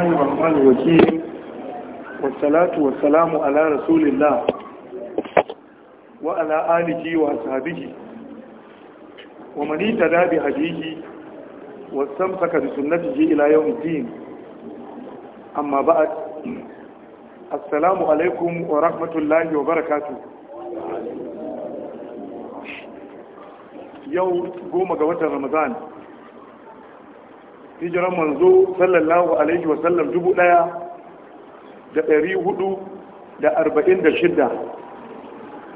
الله الرحمن الرحيم والصلاة والسلام على رسول الله وعلى آله وأصحابه ومن اهتدى بهديه واستمسك بسنته إلى يوم الدين أما بعد السلام عليكم ورحمة الله وبركاته يوم قوم قوة رمضان hijiran manzo sallallahu alaihi wasallam dubu ɗaya da dari hudu da arba'in da shidda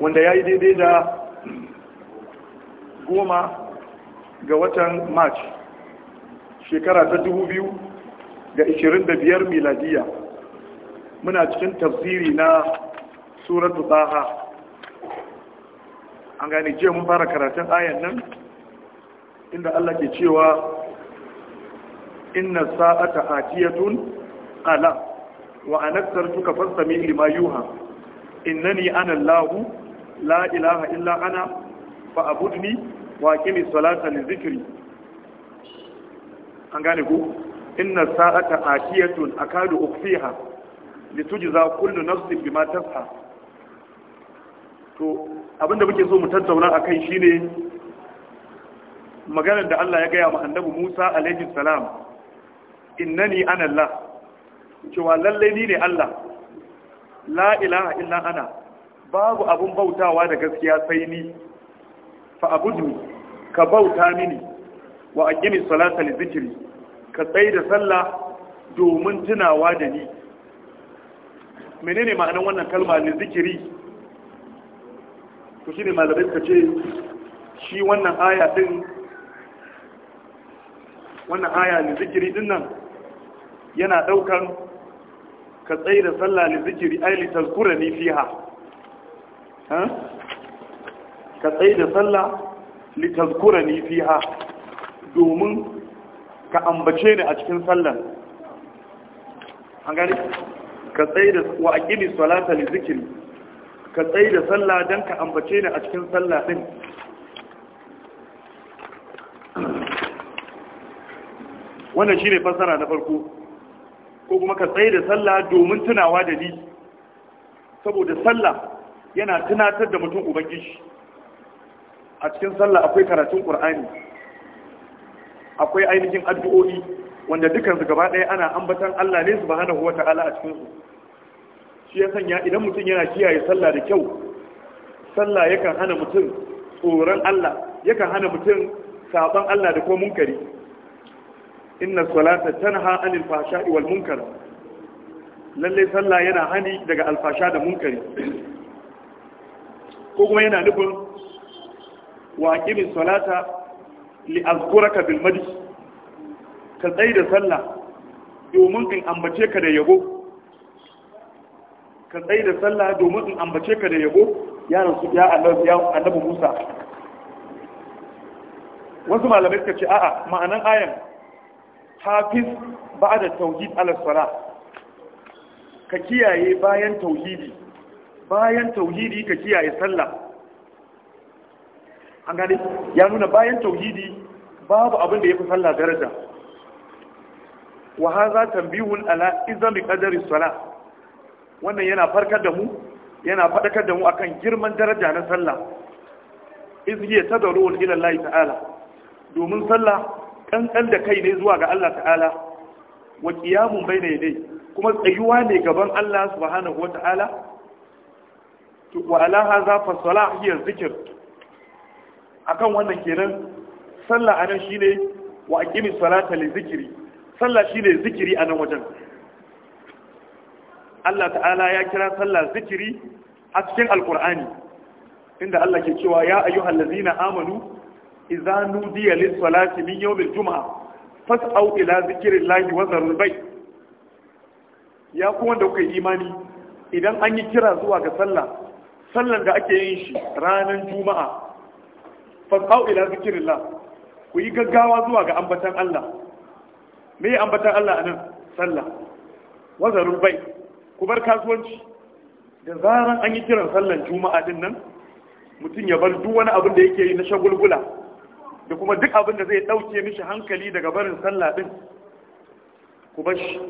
wanda ya yi daidai da goma ga watan march shekara ta dubu biyu da ishirin da biyar miladiya muna cikin tafsiri na suratu baha an gane jiya mun fara karatun ayan nan inda allah ke cewa inna sa'ata atiyatun ala wa anaktartuka fastami lima yuha innani ana Allah la ilaha illa ana fa abudni wa aqimi salata li dhikri an gane ku inna sa'ata atiyatun akadu ukhfiha litujza kullu nafsin bima tas'a to abinda muke so mu tattauna akai shine maganar da Allah ya gaya wa annabi Musa alaihi salam innani ana Allah cewa lallai ni ne Allah la ilaha illa ana babu abun bautawa da gaskiya sai ni fa abudni ka bauta mini wa aqimi salata li zikiri ka tsai da sallah domin tunawa da ni menene ma'anar wannan kalma li zikri to shine malamai ka ce shi wannan aya din wannan aya zikiri din nan yana ɗaukan ka tsaye da sallah li zikiri aili tazkura ni fiha ka tsaye da sallah li tazkura ni fiha domin ka ambace ni a cikin sallan an gani ka tsaye da wa aqimi salata li zikiri ka tsaye da sallah dan ka ambace ni a cikin sallah din wannan shine fassara na farko ko kuma ka tsaye da sallah domin tunawa da ni saboda sallah yana tunatar da mutum ubangiji a cikin sallah akwai karatun qur'ani akwai ainihin addu'o'i wanda dukan gaba ɗaya ana ambatan Allah ne subhanahu wata'ala a cikin su shi ya sanya idan mutum yana kiyaye sallah da kyau sallah yakan hana mutum tsoron Allah yakan hana mutum saban Allah da ko munkari inna salata tanha anil fahsha'i wal munkar lalle sallah yana hani daga alfasha da munkari ko kuma yana nufin wa aqimis salata li azkuraka bil madh ka tsai da sallah domin in ambace ka da yabo ka tsai da sallah domin in ambace ka da yabo ya rasu ya Allah ya annabi Musa wasu malamai suka ce a'a ma'anan ayan hafiz da tauhid ala ka kiyaye bayan tauhidi bayan tauhidi ka kiyaye sallah an gane ya nuna bayan tauhidi babu abin da yafi sallah daraja wa hadha tanbihun ala izami qadari Sallah. wannan yana farkar da mu yana fadakar da mu akan girman daraja na sallah iz ya tad'u ila Allah ta'ala domin sallah kankan da kai ne zuwa ga Allah ta'ala wa bai bayna yadayhi kuma tsayuwa ne gaban Allah subhanahu wa ta'ala wa ala hadha fa salah hiya zikr akan wannan kenan sallah anan shine wa aqimi salata li zikri sallah shine zikiri nan wajen Allah ta'ala ya kira sallah zikiri a cikin alqur'ani inda Allah ke cewa ya ayyuhallazina amanu idza nudiya lis salati min yawmil al jum'a fas'au ila zikrillahi wa zarul bayt ya ku wanda kuka yi imani idan an yi kira zuwa ga sallah sallan da ake yin shi ranar juma'a fas'au ila zikrillah ku yi gaggawa zuwa ga ambatan Allah me ya ambatan Allah anan sallah wa zarul bayt ku bar kasuwanci da zaran an yi kiran sallan juma'a din nan mutum ya bar duk wani abin da yake yi na shagulgula da kuma duk abin da zai dauke mishi hankali daga barin sallah din ku bashi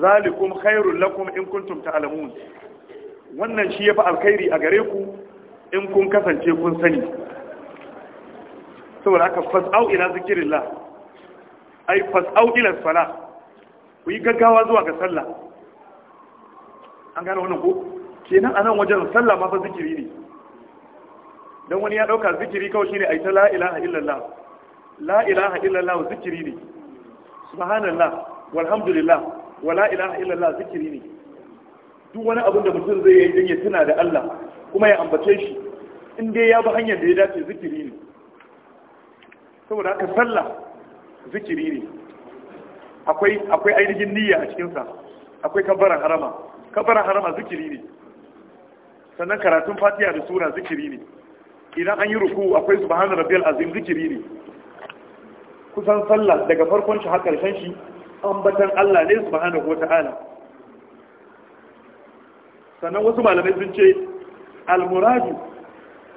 zalikum khairul lakum in kuntum ta'lamun wannan shi yafi alkhairi a gare ku in kun kasance kun sani saboda aka fas'au ila zikrillah ai fas'au ila sala ku yi gaggawa zuwa ga sallah an gane wannan ko kenan anan wajen sallah ma fa zikiri ne don wani ya ɗauka zikiri kawai shine aita la ilaha illallah la ilaha illallah zikiri ne subhanallah walhamdulillah wa la ilaha illallah zikiri ne duk wani abin da mutum zai yi don ya tuna da Allah kuma ya ambace shi in dai ya bi hanyar da ya dace zikiri ne saboda ka sallah zikiri ne akwai akwai ainihin niyya a cikin sa akwai kabbaran harama kabbaran harama zikiri ne sannan karatun fatiha da sura zikiri ne idan an yi ruku akwai subhana rabbiyal azim zikiri ne kusan sallah daga farkon shi har karshen shi ambatan Allah ne subhanahu wata'ala sannan wasu malamai sun ce almuradu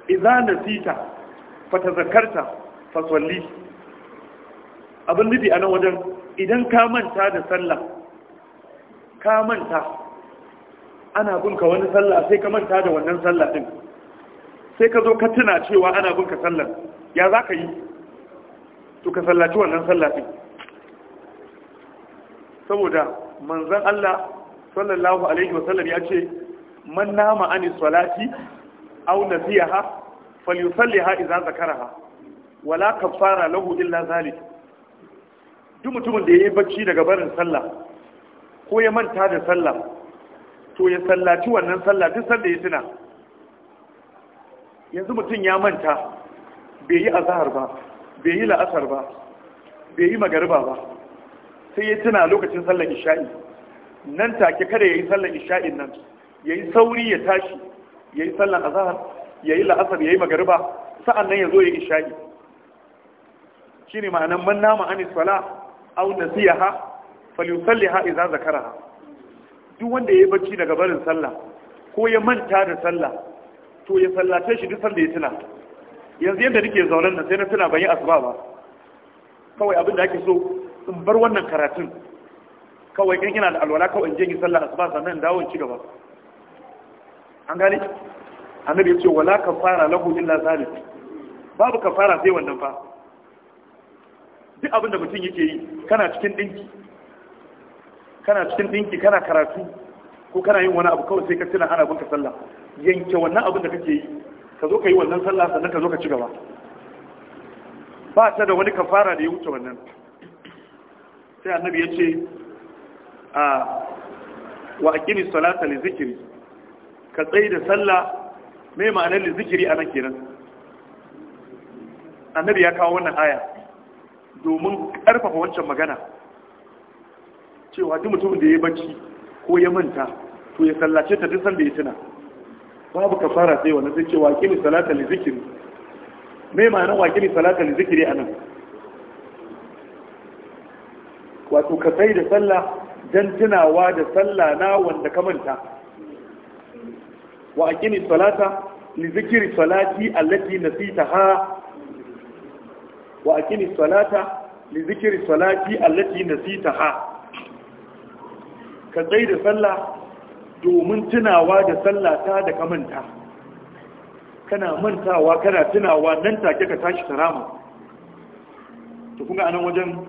idza nasita fatazakkarta fasalli abin nufi a nan wajen idan ka manta da sallah ka manta ana bunka wani sallah sai ka manta da wannan sallah din sai ka zo ka tuna cewa ana bin ka sallar ya za ka yi to ka sallaci wannan sallafi. saboda manzan Allah sallallahu alaihi wasallam ya ce man nama ani salati aw nasiha falyusalliha idza zakaraha wala kafara lahu illa zalik duk mutumin da ya yi bacci daga barin sallah ko ya manta da sallah to ya sallaci wannan sallah duk sanda ya tuna yanzu mutum ya manta bai yi azahar ba bai yi la'asar ba bai yi magariba ba sai ya tuna lokacin sallar isha'i nan take kada ya yi sallar isha'in nan ya yi sauri ya tashi ya yi sallar azahar ya yi la'asar ya yi magariba sa'an nan ya zo ya isha'i shi ne ma'anan man nama an isfala zakara ha duk wanda ya yi bacci daga barin sallah ko ya manta da sallah to ya sallace shi duk sanda ya tuna yanzu yadda nake zaunen nan sai na tuna ban yi asuba ba kawai abin da ake so in bar wannan karatun kawai in ina da alwala kawai in je yi sallah asuba sannan in dawo in ci gaba an gane annabi ya ce wala fara lahu illa zalik babu kafara sai wannan fa duk abin da mutum yake yi kana cikin dinki kana cikin dinki kana karatu ko kana yin wani abu kawai sai ka tuna ana bunka sallah yanke wannan abin da kake yi ka zo ka yi wannan sallah sannan ka zo ka ci gaba ba ta da wani kafara da ya wuce wannan sai annabi ya ce a wa aqimi salata li zikri ka tsayi da sallah me ma'anar li zikri anan kenan annabi ya kawo wannan aya domin karfafa wancan magana cewa duk mutumin da ya bacci ko ya manta to ya sallace ta duk sanda ya tuna babu kafara sai wannan sai ce kini salata li zikiri me ma'anar wakili salata li zikiri anan wato ka sai da sallah dan tunawa da sallah na wanda ka manta wa kini salata li zikri salati allati nasitaha wa kini salata li zikri salati allati nasitaha ka sai da sallah domin tunawa da sallata da ka manta kana mantawa kana tunawa nan take ka tashi karama to kuma anan wajen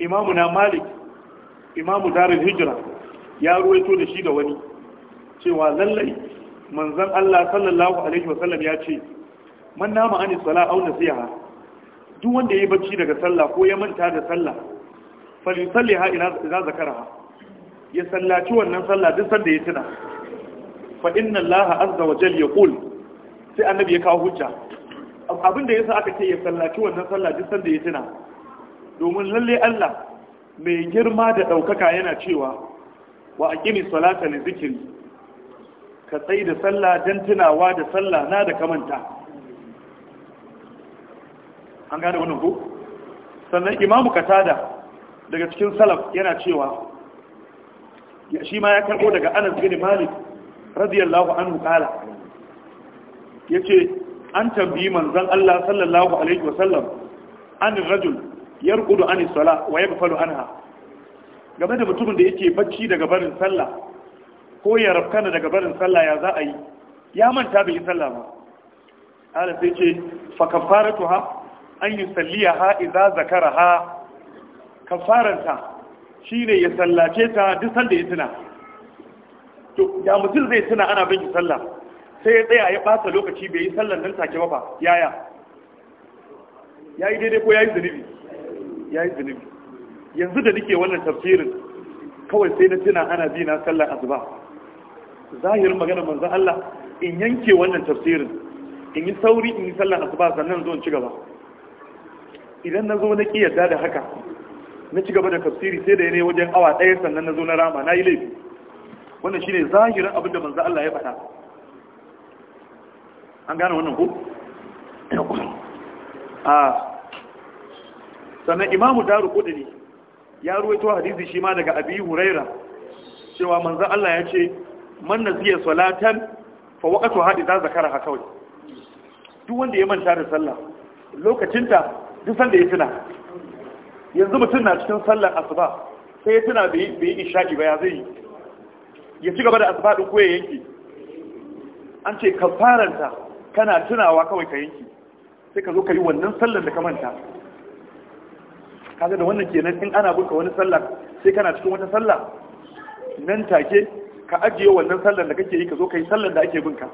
imamu na malik imamu darul hijra ya ruwaito da shi da wani cewa lallai manzon Allah sallallahu alaihi wasallam ya ce man nama an sala aw nasiha duk wanda yayi bacci daga sallah ko ya manta da sallah yusalliha ila zakaraha ya sallaci wannan sallah duk sanda ya tuna fa inna allaha azza wa jalla yaqul sai annabi ya kawo hujja abin da yasa aka ce ya sallaci wannan sallah duk sanda ya tuna domin lalle Allah mai girma da daukaka yana cewa wa aqimi salata li zikri ka tsai da sallah dan tunawa da sallah na da kamanta an gane wannan ko sannan imamu katada daga cikin salaf yana cewa shi ma ya karbo daga anas Gani malik radiyallahu anhu kala ce an tambayi manzon Allah sallallahu alaihi wasallam an rajul yarqudu an sala wa yaghfalu anha game da mutumin da yake bacci daga barin sallah ko ya rafkana daga barin sallah ya za a yi ya manta bai yi sallah ba ala sai ce fa kafaratuha an yusalliha idza zakaraha kafaranta Shi ne ya sallace ta duk sanda ya tuna to da mutum zai tuna ana bin shi sallah sai ya tsaya ya ɓata lokaci bai yi sallan nan take mafa yaya ya yi daidai ko ya yi zunubi ya yi zunubi yanzu da nike wannan tafsirin kawai sai na tuna ana bi na sallar azuba zahirin magana manzo Allah in yanke wannan tafsirin in yi sauri in yi sallah azuba sannan zo in ci gaba idan na zo na ƙi yarda da haka na ci gaba da tafsiri sai da ya ne wajen awa ɗaya sannan na zo na rama na yi laifi wannan shine zahirin abin da manzo Allah ya faɗa an gane wannan ko a sannan imamu daru kudini ya ruwaito hadisi shi ma daga abi huraira cewa manzo Allah ya ce man nasiya salatan fa waqtu hadi da zakara ha kawai duk wanda ya manta da sallah lokacinta duk sanda ya tuna yanzu mutum na cikin sallar asuba sai ya tuna da yi isha'i ba ya zai yi ya ci gaba da asuba ɗin koya yanki an ce ka faranta kana tunawa kawai ka yanki sai ka zo ka yi wannan sallar da ka manta kaga da wannan kenan in ana bunka wani sallar sai kana cikin wata sallar nan take ka ajiye wannan sallar da kake yi ka zo ka yi sallar da ake bunka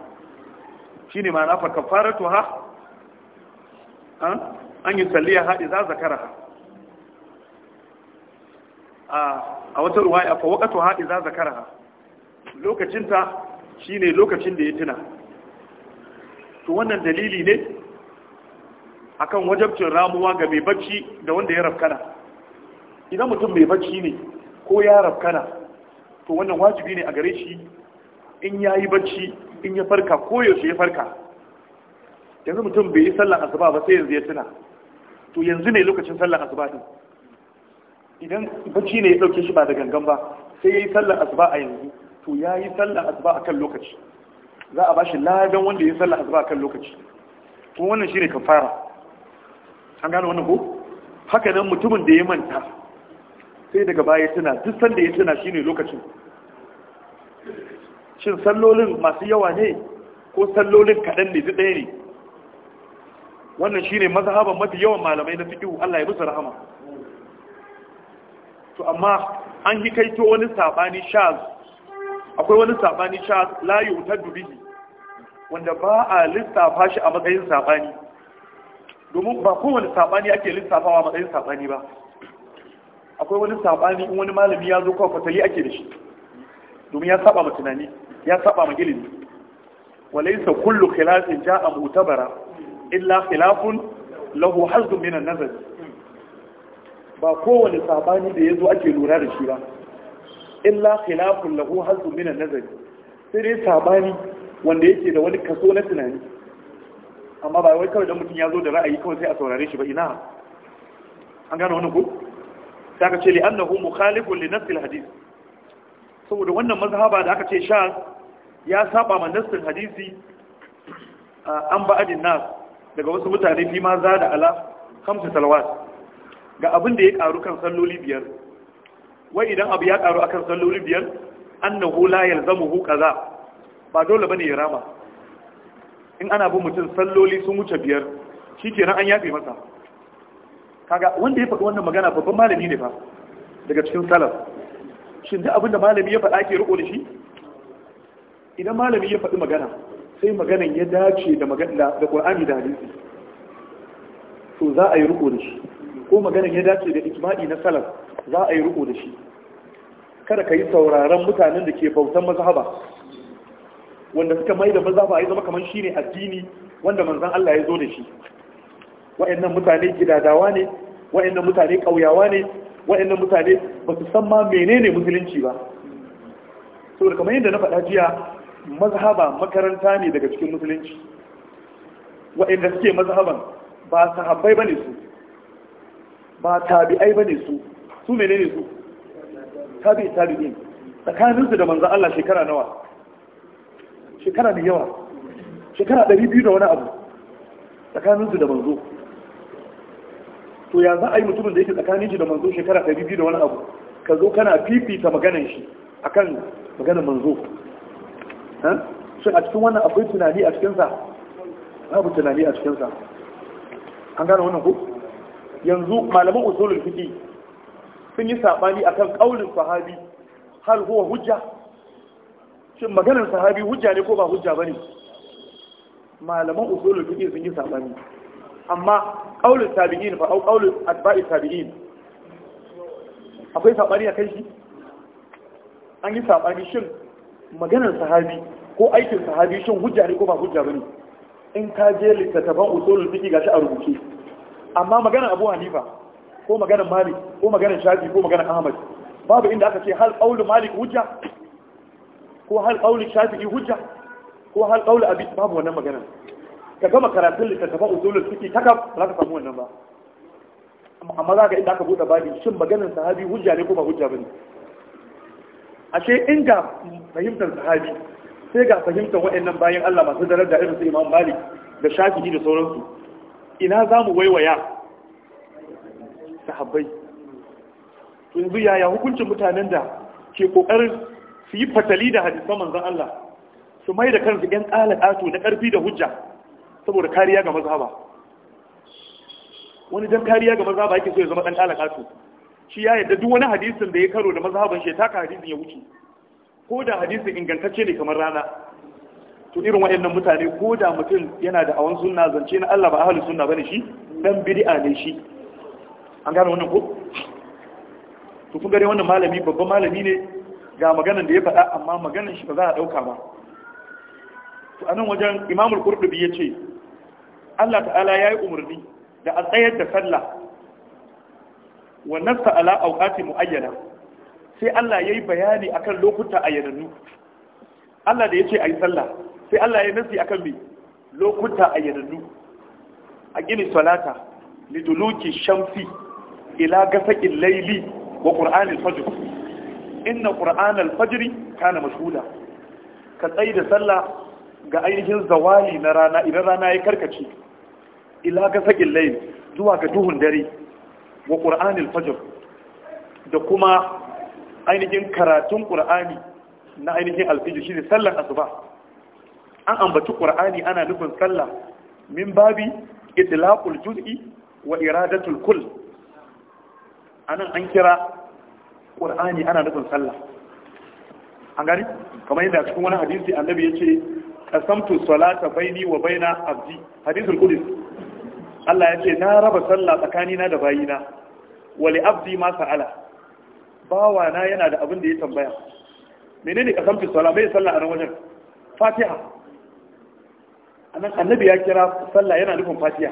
ne ma'ana fa kafaratu ha an yi salliya za idza zakaraha a wata ruwaya fa waqatu ha idza Zakara. Lokacinta shi ne lokacin da ya tuna to wannan dalili ne akan wajabcin ramuwa ga mai bacci da wanda ya rafkana idan mutum mai bacci ne ko ya rafkana to wannan wajibi ne a gare shi in ya yi bacci in ya farka ko yaushe ya farka yanzu mutum bai yi sallan asuba ba sai yanzu ya tuna to yanzu ne lokacin sallan asuba din idan bacci ne ya dauke shi ba da gangan ba sai ya yi sallar asuba a yanzu to ya yi sallar asuba a kan lokaci za a ba shi ladan wanda ya yi sallar asuba a kan lokaci kuma wannan shi ne kafara an gano wannan ko haka nan mutumin da ya manta sai daga baya tuna duk sanda ya tuna shine lokacin shin sallolin masu yawa ne ko sallolin kaɗan ne duk ɗaya ne wannan shi ne mazhaban mafi yawan malamai na fiƙihu Allah ya musu rahama to amma an yi hikaito wani sabani shaz akwai wani sabani shaz la yutaddu bihi wanda ba a lissafa shi a matsayin sabani domin ba kowane sabani ake lissafawa a matsayin sabani ba akwai wani sabani in wani malami ya zo kawai fatali ake da shi domin ya saba ma tunani ya saba ma ilimi walaysa kullu khilafin ja'a mu'tabara illa khilafun lahu hazzun min an-nazari ba kowane sabani da ya zo ake lura da shi ba illa khilafun lahu hazu min nazari sai dai sabani wanda yake da wani kaso na tunani amma ba wai kawai dan mutum ya zo da ra'ayi kawai sai a saurare shi ba ina an gane wannan ko sai aka ce li annahu mukhalifun li nasl hadith saboda wannan mazhaba da aka ce sha ya saba ma nassin hadisi an ba'adin nas daga wasu mutane fi ma za da ala khamsa salawat ga abin da ya karu kan salloli biyar wai idan abu ya karu akan salloli biyar annahu la yalzamuhu kaza ba dole bane ya rama in ana bin mutum salloli sun wuce biyar shikenan an yafe masa kaga wanda ya faɗi wannan magana babban malami ne fa daga cikin salaf shin duk abin da malami ya faɗa ke riko da shi idan malami ya faɗi magana sai maganan ya dace da magana da Qur'ani da hadisi to za a yi riko da shi ko maganar ya dace da ijma'i na salaf za a yi riko da shi kada ka yi sauraron mutanen da ke bautan mazhaba wanda suka mai da mazhaba ya zama kamar shi ne addini wanda manzan Allah ya zo da shi wa'annan mutane gidadawa ne wa'annan mutane ƙauyawa ne wa'annan mutane ba su san ma menene musulunci ba da kamar yadda na faɗa jiya mazhaba makaranta ne daga cikin musulunci wa'anda suke mazhaban ba sahabbai bane su ba tabi'ai ba ne su su menene su tabi'i tsakanin tsakaninsu da manzo Allah shekara nawa shekara mai yawa shekara ɗari biyu da wani abu tsakaninsu da manzo to ya za a yi mutumin da yake tsakanin shi da manzo shekara ɗari biyu da wani abu ka zo kana fifita maganan shi akan maganan manzo shi a cikin wannan akwai tunani a cikinsa babu tunani a cikinsa an gane wannan ko yanzu malaman usulul fiqh sun yi sabani akan kaulin sahabi hal huwa hujja shin maganar sahabi hujja ne ko ba hujja bane malaman usulul fiqh sun yi sabani amma kaulin tabi'in fa au kaulin atba'i tabi'in akwai sabani akan shi an yi sabani shin maganar sahabi ko aikin sahabi shin hujja ne ko ba hujja bane in ka je littattafan usulul fiqh gashi a rubuce amma maganar abu hanifa ko maganar malik ko maganar shafi ko maganar ahmad babu inda aka ce hal qaulu malik hujja ko hal qaulu Shafi hujja ko hal qaulu abi babu wannan maganar ka gama karatun littattafan usulul fiqh ta kaf za ka samu wannan ba amma za ka inda aka buɗe babi shin maganar sahabi hujja ne ko ba hujja bane ashe in ga fahimtar sahabi sai ga fahimtar waɗannan bayan Allah masu daraja irin su Imam Malik da Shafi da sauransu ina za mu waiwaya sahabbai yanzu yaya hukuncin mutanen da ke kokarin su yi fatali da hadisan manzan Allah su mai da kansu ɗan ato na ƙarfi da hujja saboda kariya ga mazhaba wani dan kariya ga mazhaba yake so ya zama ɗan ato shi ya yadda duk wani hadisin da ya karo da mazhaban shi ya taka hadisin ya wuce ko da hadisin ingantacce ne kamar rana to irin wayannan mutane ko da mutum yana da awan sunna zance na Allah ba ahli sunna bane shi dan bid'a ne shi an gane wannan ko to kun gare wannan malami babban malami ne ga maganar da ya faɗa amma maganar shi ba za a dauka ba to anan wajen Imam al-Qurtubi yace Allah ta'ala ya yi umarni da a tsayar da sallah wa nasta ala awqati muayyana sai Allah yayi bayani akan lokuta ayyanannu Allah da yace ayi sallah sai Allah ya nasi akan me lokuta ayyadannu a gini salata liduluki shamsi ila gasaqil laili wa qur'anil fajr inna qur'anal fajr kana mashuda. ka tsayi da sallah ga ainihin zawali na rana idan rana ya karkace ila gasaqil layli zuwa ga duhun dare wa qur'anil fajr da kuma ainihin karatun ƙur'ani na ainihin shi shine sallar asuba an ambaci qur'ani ana nufin sallah min babi itlaqul juz'i wa iradatul kull anan an kira qur'ani ana nufin sallah an gani kamar yadda cikin wani hadisi annabi ya yace qasamtu salata baini wa baina abdi hadisul qudsi Allah ya ce na raba sallah tsakanina da bayina wa abdi ma sa'ala bawana yana da abin da ya tambaya menene qasamtu salata bai sallah a nan wajen fatiha anan annabi ya kira sallah yana nufin Fatiya.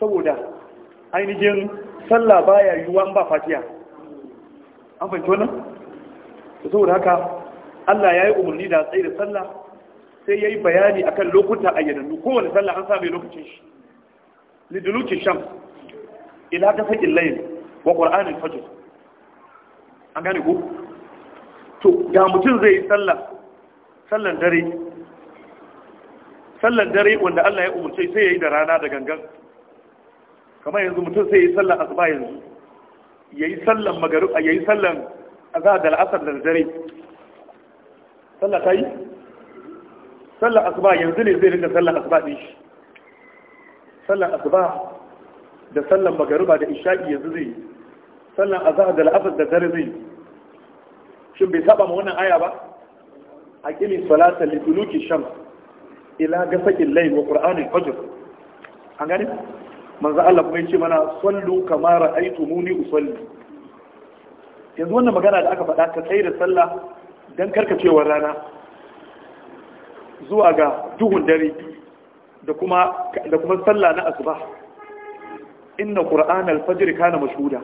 saboda ainihin sallah baya yiwuwa ba Fatiya. an fahimci wannan saboda haka Allah ya yi umarni da tsaye da sallah sai ya yi bayani a kan lokuta ayyanannu kowane sallah an sami lokacin shi lidulukin sham ila ta faƙin layin wa ƙwar'anin fajir an gane ko to da mutum zai yi sallah sallan dare sallan dare wanda Allah ya umurce sai yayi da rana da gangan kamar yanzu mutum sai yayi sallan asuba yanzu Yayi sallan magaru yayi sallan azhar da al'asar da dare sallah ta sallan asuba yanzu ne zai rinka sallan asuba din shi sallan asuba da sallan magaruba da isha'i yanzu zai yi sallan azhar da al'asar da dare zai yi shin bai saba ma wannan aya ba aqimis salata li duluki shams ila gasakin lai wa qur'anil fajr an gani manzo Allah kuma yace mana sallu kama muni usalli yanzu wannan magana da aka faɗa ka tsaye da sallah dan karkacewar rana zuwa ga duhun dare da kuma da kuma sallah na asuba inna qur'an al-fajr kana mashhuda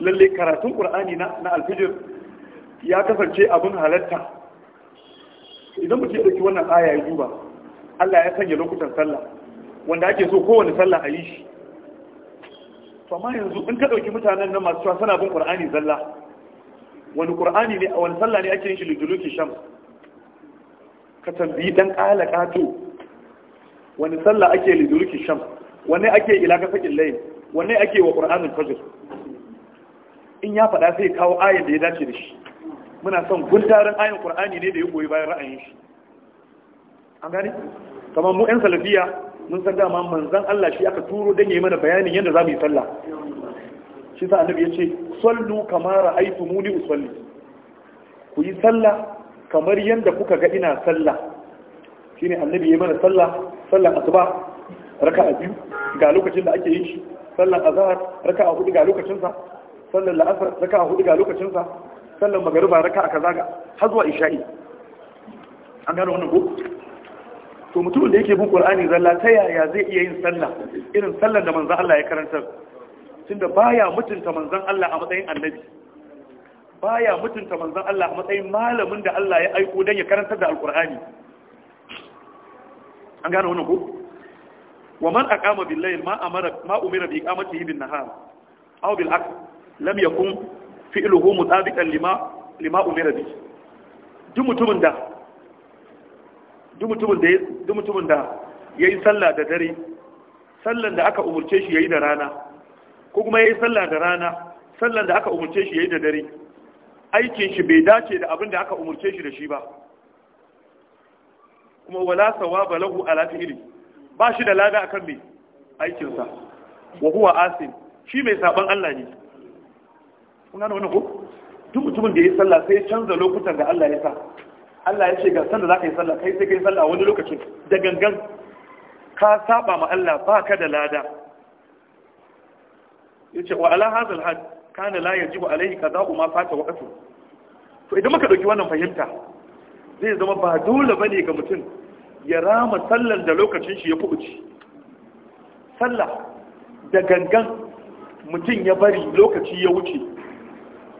lalle karatun qur'ani na na al ya kasance abun halatta idan mutum ya dauki wannan aya ya duba Allah ya sanya lokutan sallah wanda ake so kowane sallah a yi shi to amma yanzu in ka dauki mutanen nan masu cewa suna bin Qur'ani zalla wani Qur'ani ne wani sallah ne ake yin shi liduluki shams ka tambayi dan kala kato wani sallah ake liduluki shams wanne ake ila ka sakin layl wanne ake wa Qur'anin fajr in ya faɗa sai kawo ayar da ya dace da shi muna son gundarin ayin Qur'ani ne da ya goyi bayan ra'ayin shi an gane kamar mu yan salafiya mun san dama manzan Allah shi aka turo dan yayi mana bayanin yadda za mu yi sallah shi sa annabi ce, sallu kama ra'aytumuni usalli ku yi sallah kamar yadda kuka ga ina sallah shine annabi yayi mana sallah sallah asuba raka'a biyu ga lokacin da ake yin shi sallan azhar raka'a hudu ga lokacin sa sallan la'asar raka'a hudu ga lokacin sa sallan magariba raka'a kaza ga har zuwa isha'i an gano wannan ko to mutumin da yake bin qur'ani zalla ta yaya zai iya yin sallah irin sallar da manzon Allah ya karanta tunda baya mutunta manzon Allah a matsayin annabi baya mutunta manzon Allah a matsayin malamin da Allah ya aiko dan ya karanta da alqur'ani an gane wannan ko wa man aqama bil layl ma amara ma umira bi iqamatihi bin nahar aw bil aks lam yakun fi'luhu mutabiqan lima lima umira bi duk mutumin da duk mutumin da ya yi sallah da dare sallan da aka umarce shi ya yi da rana ko kuma ya yi sallah da rana sallan da aka umarce shi ya yi da dare aikin shi bai dace da abin da aka umarce shi da shi ba kuma wala sawaba lahu ala fi'li ba shi da lada akan mai aikinsa. sa wa huwa asin shi mai saban Allah ne Kuna gane wannan ko duk mutumin da ya yi sallah sai ya canza lokutan da Allah ya sa Allah ya ce ga sallah za ka yi sallah kai sai ka yi sallah wani lokacin da gangan ka saba ma Allah ba ka da lada ya ce wa ala hazal had kana la yajibu alaihi kaza ma fata waqtu to idan muka ɗauki wannan fahimta zai zama ba dole ba ne ga mutum ya rama sallar da lokacin shi ya kubuci sallah da gangan mutum ya bari lokaci ya wuce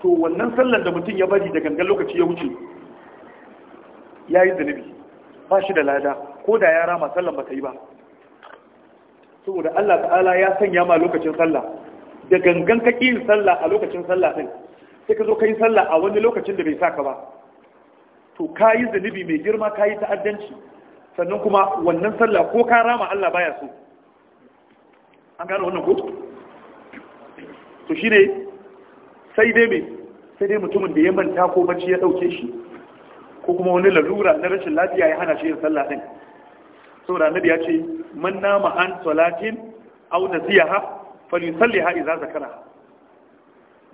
to wannan sallar da mutum ya bari da gangan lokaci ya wuce ya yi zunubi ba shi da lada ko da ya rama sallan ba ta yi ba saboda Allah ta'ala ya sanya ma lokacin sallah da gangan ka ƙi sallah a lokacin sallah ɗin sai ka zo ka yi sallah a wani lokacin da bai sa ka ba to ka yi zunubi mai girma ka yi ta'addanci sannan kuma wannan sallah ko ka rama Allah baya so an gano wannan ko to shine sai dai me sai dai mutumin da ya manta ko bacci ya dauke shi ko kuma wani lalura na rashin lafiya ya hana shi yin sallah din saboda annabi ya ce man nama an salatin aw nasiyaha ha idza zakara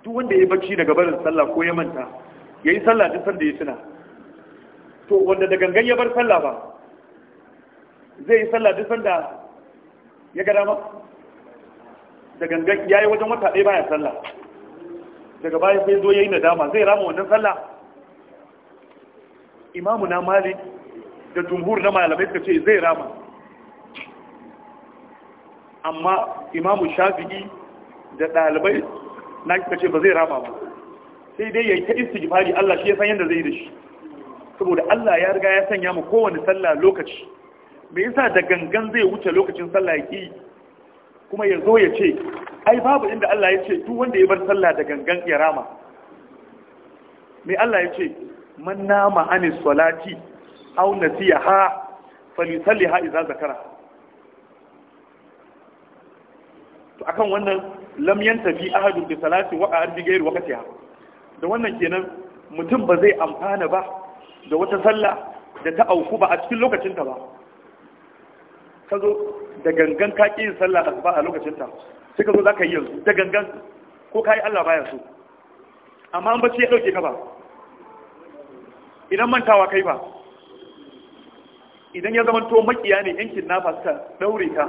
duk wanda ya bacci daga barin sallah ko ya manta yayi sallah duk sanda ya tuna to wanda da gangan ya bar sallah ba zai yi sallah duk sanda ya ga dama da gangan yayi wajen wata ɗaya baya sallah daga baya sai zo yayi nadama zai rama wannan sallah imamu na malik da jumhur na malamai suka ce zai rama amma imamu shafi'i da ɗalibai na suka ce ba zai rama ba sai dai ya yi ta istighfari Allah shi ya san yadda zai da shi saboda Allah ya riga ya sanya mu kowane sallah lokaci me yasa da gangan zai wuce lokacin sallah ya ki kuma ya zo ya ce ai babu inda Allah ya ce duk wanda ya bar sallah da gangan ya rama me Allah ya ce man nama an salati aw nasiha falisalliha idza zakara to akan wannan lam yantafi ahadun bi salati wa arbi ghairi waqtiha da wannan kenan mutum ba zai amfana ba da wata sallah da ta auku ba a cikin lokacinta ba ka zo da gangan ka ƙi yin sallah asuba a lokacinta sai ka zo za ka yi yanzu da gangan ko ka yi Allah baya so amma an bacci ya ɗauke ka ba idan mantawa kai ba idan ya zamanto makiya ne yankin nafa suka daure ka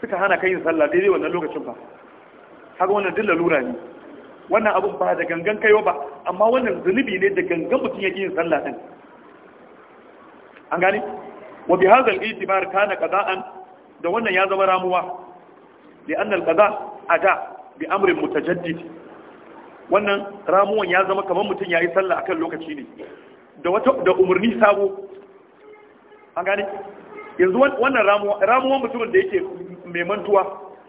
suka hana kai yin sallah daidai wannan lokacin ba haka wannan dilla lura ne wannan abu ba da gangan kaiwa ba amma wannan zunubi ne da gangan mutum ya yin sallah din an gane wa bi hadha al-itibar kana qada'an da wannan ya zama ramuwa li anna al-qada ada bi amri mutajaddid wannan ramuwan ya zama kamar mutum ya yi sallah akan lokaci ne da wata da umarni sabo an gane yanzu wannan ramuwa ramuwan mutumin da yake mai mantuwa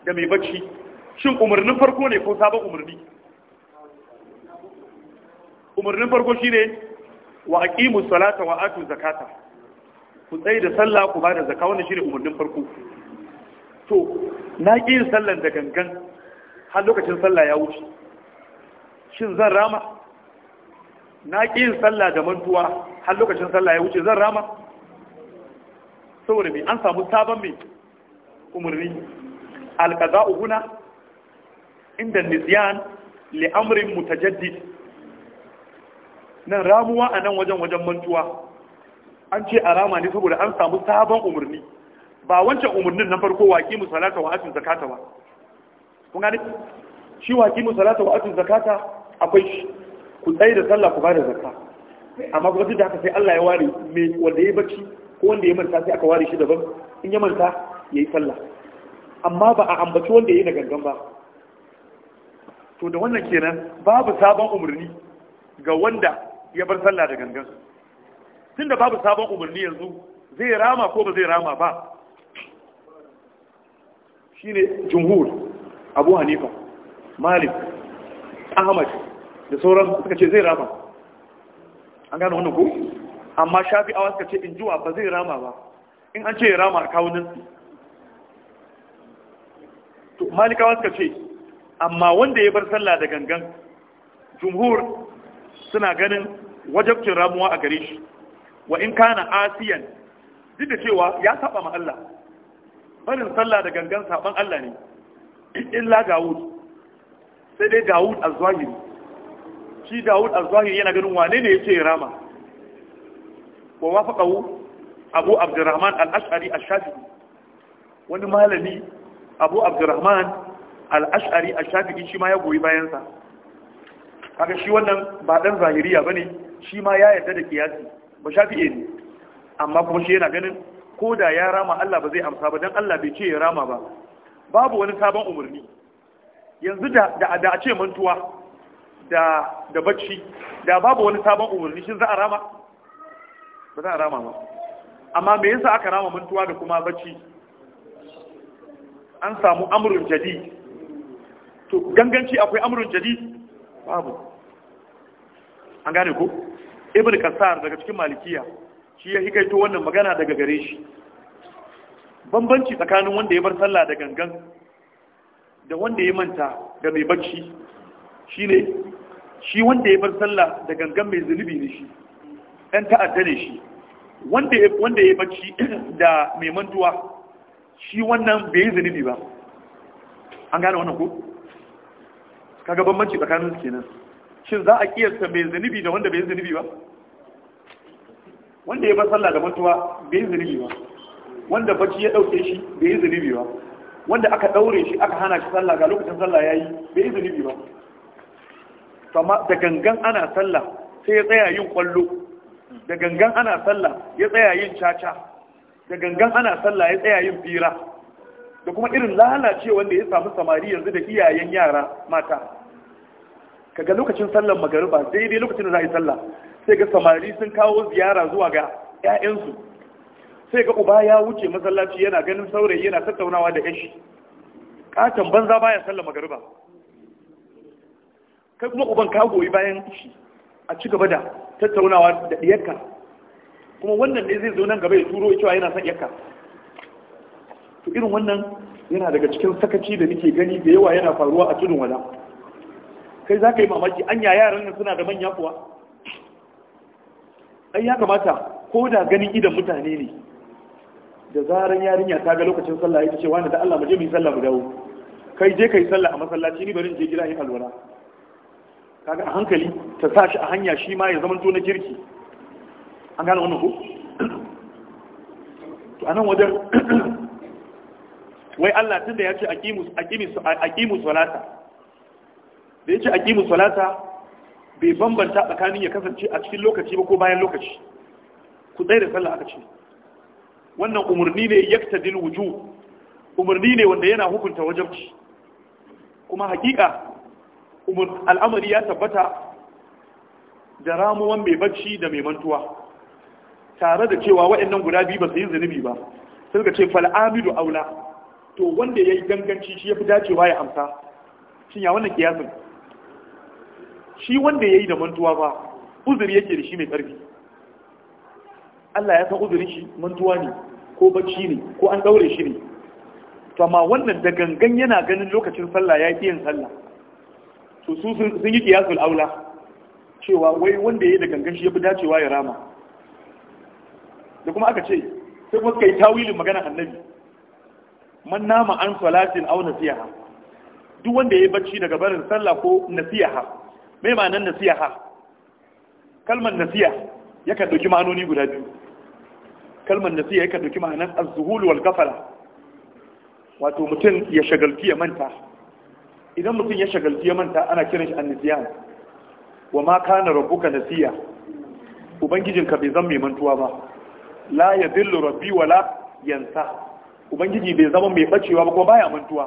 da mai bacci shin umarnin farko ne ko sabon umarni umarnin farko shi ne wa aqimus salata wa atu zakata ku tsaye da sallah ku ba da zaka wannan ne umarnin farko to na ƙi yin sallan da gangan har lokacin sallah ya wuce shin zan rama na ƙi yin sallah da mantuwa har lokacin sallah ya wuce zan rama saboda mai an samu sabon mai umarni alkaza uguna inda nisiyan li'amrin mutajaddi nan ramuwa a nan wajen wajen mantuwa an ce a rama ne saboda an samu sabon umarni ba wancan umarnin na farko waƙi musalata wa atin zakata ba kun gani shi waƙi musalata wa atin zakata akwai shi ku dai da sallah ku bada zakka amma kuma da haka sai Allah ya ware me wanda ya bacci ko wanda ya manta sai aka ware shi daban in ya manta yayi sallah amma ba a ambaci wanda yayi na gangan ba to da wannan kenan babu sabon umarni ga wanda ya bar sallah da gangan tunda babu sabon umarni yanzu zai rama ko ba zai rama ba shine jumhur abu hanifa malik ahmad da sauran suka ce zai rama an gano wannan ku. amma shafi awa suka ce in juwa ba zai rama ba in an ce ya rama a kawunan to malikawa suka ce amma wanda ya bar sallah da gangan jumhur suna ganin wajabcin ramuwa a gare shi wa in kana asiyan duk da cewa ya saba ma Allah barin sallah da gangan saban Allah ne In illa Dawud sai dai Dawud az shi Dawud az-Zahiri yana ganin wane ne yace rama wa wafaqahu Abu Abdurrahman al-Ash'ari ash-Shafi'i wani malami Abu Abdurrahman al-Ash'ari ash-Shafi'i shi ma ya goyi bayan sa kaga shi wannan ba dan zahiriya bane shi ma ya yarda da kiyasi ba Shafi'i ne amma kuma shi yana ganin ko da ya rama Allah ba zai amsa ba dan Allah bai ce ya rama ba babu wani sabon umarni yanzu da da a ce mantuwa da da bacci da babu wani sabon umarni shin za a rama ba za a rama ba amma me yasa aka rama mantuwa da kuma bacci an samu amrun jadi to ganganci akwai amrun jadi babu an gane ko ibn kasar daga cikin malikiya shi ya hikaito wannan magana daga gare shi bambanci tsakanin wanda ya bar sallah da gangan da wanda ya manta da mai bacci shine shi wanda ya bar sallah da gangan mai zunubi ne shi ɗan ta'adda ne shi wanda ya bacci da mai mantuwa shi wannan bai yi zunubi ba an gane wannan ko ga bambanci tsakanin su kenan shin za a kiyasta mai zunubi da wanda bai yi zunubi ba wanda ya bar sallah da mantuwa bai yi zunubi ba wanda bacci ya dauke shi bai yi zunubi ba wanda aka daure shi aka hana shi sallah ga lokacin sallah yayi bai yi zunubi ba da gangan ana sallah sai ya tsaya yin kwallo da gangan ana sallah ya tsaya yin caca da gangan ana sallah ya tsaya yin fira da kuma irin lalace wanda ya samu samari yanzu da iyayen yara mata kaga lokacin sallar magariba daidai lokacin da za a yi sallah sai ga samari sun kawo ziyara zuwa ga 'ya'yansu sai ga uba ya wuce masallaci yana ganin saurayi yana tattaunawa da yashi katon banza baya sallar magariba kai kuma uban ka goyi bayan shi a ci gaba da tattaunawa da diyarka kuma wannan ne zai zo nan gaba ya turo cewa yana son diyarka to irin wannan yana daga cikin sakaci da nake gani da yawa yana faruwa a tudun wada kai za ka yi mamaki anya yaran nan suna da manya kuwa ai ya kamata ko da ganin idan mutane ne da zaran yarinya ta ga lokacin sallah ya ce wani da Allah mu je mu yi sallah mu dawo kai je kai sallah a masallaci ni bari in je gida yin alwala kaga a hankali ta sa shi a hanya shi ma ya zama to na kirki an gane wannan ko to anan wajen wai Allah tunda ya ce aqimu salata da ya ce aqimu salata bai bambanta tsakanin ya kasance a cikin lokaci ba ko bayan lokaci ku tsaye da sallah aka ce wannan umarni ne yaktadil wuju umarni ne wanda yana hukunta wajabci kuma hakika al'amari ya tabbata da ramuwan mai bacci da mai mantuwa tare da cewa waɗannan guda biyu ba su yi zunubi ba sai ka ce fal'amidu aula to wanda ya yi ganganci shi ya fi dacewa ya amsa shin ya wannan kiyasin shi wanda ya yi da mantuwa ba uzuri yake da shi mai ƙarfi Allah ya san uzurin shi mantuwa ne ko bacci ne ko an ɗaure shi ne to amma wannan da gangan yana ganin lokacin sallah ya yi yin sallah to su sun yi kiyasul aula cewa wai wanda ya yi da gangan shi ya fi dacewa ya rama da kuma aka ce sai kuma kai tawilin magana annabi man nama an salatin au nasiha duk wanda ya yi bacci daga barin sallah ko nasiha mai ma'anar nasiha kalmar nasiha kan dauki ma'anoni guda biyu kalmar nasiha yakan dauki ma'anar az-zuhul wal gafala wato mutum ya shagalti ya manta idan mutum ya shagalci ya manta ana kiran shi annisiyan wa ma kana rabbuka nasiya ubangijinka bai zama mai mantuwa ba la yadillu rabbi wala yansa ubangiji bai zama mai bacewa ba kuma baya mantuwa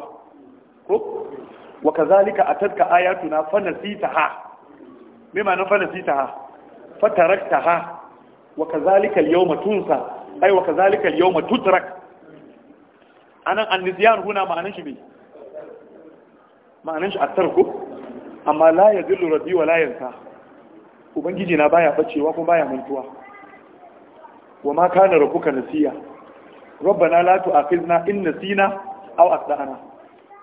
ko wa kazalika atatka ayatuna fa nasitaha me ma'anar fa nasitaha fa taraktaha wa kazalika al-yawma tunsa ay wa kazalika al-yawma tutrak anan an huna ma'anar shi Ma'anin shi a tarko amma la zillu rabi wa la yansa ubangiji na baya bacewa kuma baya mantuwa wa ma kana rabbuka nasiya rabbana la tu'akhizna in nasina aw akhtana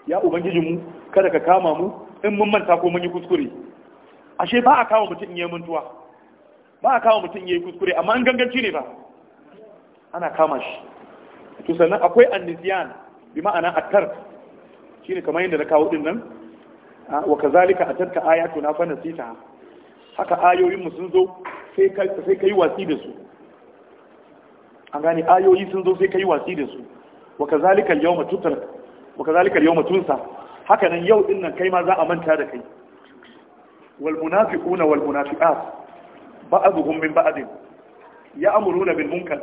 ya ubangiji mu kada ka kama mu in mun manta ko mun yi kuskure ashe ba a kawo mutum yayin yi mantuwa ba a kawo mutum yayin yi kuskure amma an ganganci ne ba ana kama shi to sannan akwai annisiyan bi ma'ana at shine kamar yadda na kawo din nan wa kazalika atatka ayatuna fa nasita haka ayoyin mu sun zo sai kai sai kai watsi da su an gane ayoyi sun zo sai kai watsi da su wa kazalika al-yawma tutar wa kazalika al-yawma tunsa haka nan yau din nan kai ma za a manta da kai wal munafiquna wal munafiqat ba'dhum min ba'd ya'muruna bil munkar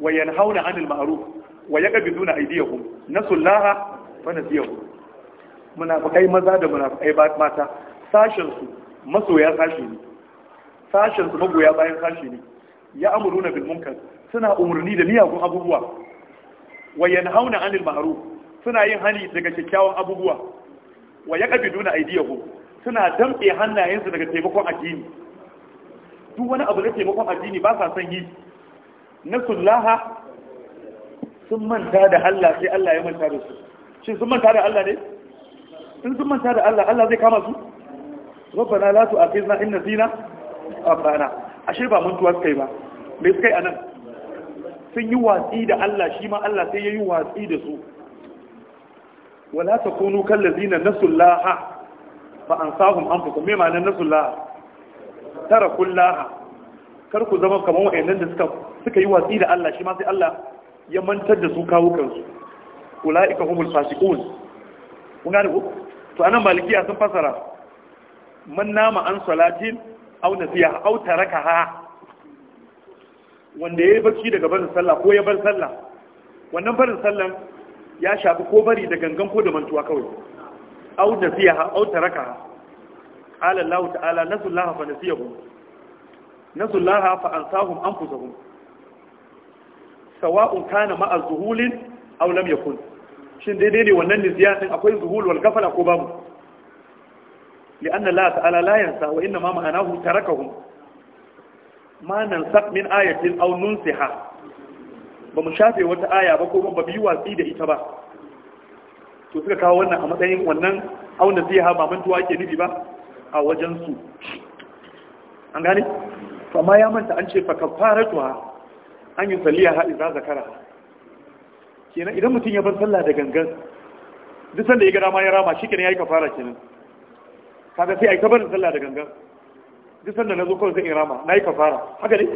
wa yanhauna 'anil ma'ruf wa yaqbiduna aydiyahum nasullaha fa nasiyahum munafukai maza da munafukai mata sashensu masoya sashi ne sashensu magoya bayan sashi ne ya amuru na bilmunkar suna umarni da miyagun abubuwa wayan hauna anil maharu suna yin hani daga kyakkyawan abubuwa wa ya ƙabi duna aidiyahu suna damɓe hannayensu daga taimakon addini duk wani abu na taimakon addini ba sa son yi na sullaha sun manta da Allah sai Allah ya manta da su shin sun manta da Allah ne in sun manta da Allah Allah zai kama su rabbana la tu'akhizna in nasina rabbana ashe ba mantuwa suka yi ba me suka yi anan sun yi watsi da Allah shi ma Allah sai ya yi watsi da su wala takunu kallazina nasullaha fa ansahum anfusuhum me ma'anar nasullaha tarakullaha kar ku zama kamar wa'annan da suka suka yi watsi da Allah shi ma sai Allah ya mantar da su kawo kansu ulaika humul fasiqun kun gane ku to anan malikiya sun fasara man nama an salatin au nasiya au tarakaha wanda ya yi bacci daga barin sallah ko ya bar sallah wannan barin sallah ya shafi ko bari da gangan ko da mantuwa kawai au nasiya au tarakaha qala Allah ta'ala nasullaha fa nasiyahum nasullaha fa ansahum anfusahum sawa'un kana ma'a zuhulin aw lam yakun shin daidai ne wannan nisiya akwai zuhul wal ko babu li'anna allaha ta'ala la yansa wa inna ma ma'anahu tarakahum ma nan sab min ayatin aw nunsiha ba shafe wata aya ba ko mun ba biyu wasi da ita ba to suka kawo wannan a matsayin wannan aw nunsiha ba mantuwa yake ba a wajen su an gane amma ya manta an ce fa kafaratuha an yusalliha idza zakara kenan idan mutum ya bar sallah da gangan duk sanda ya ga dama ya rama shikenan yayi kafara kenan kaga sai ai bar sallah da gangan duk sanda na zo kawai sai in na yi kafara haka ne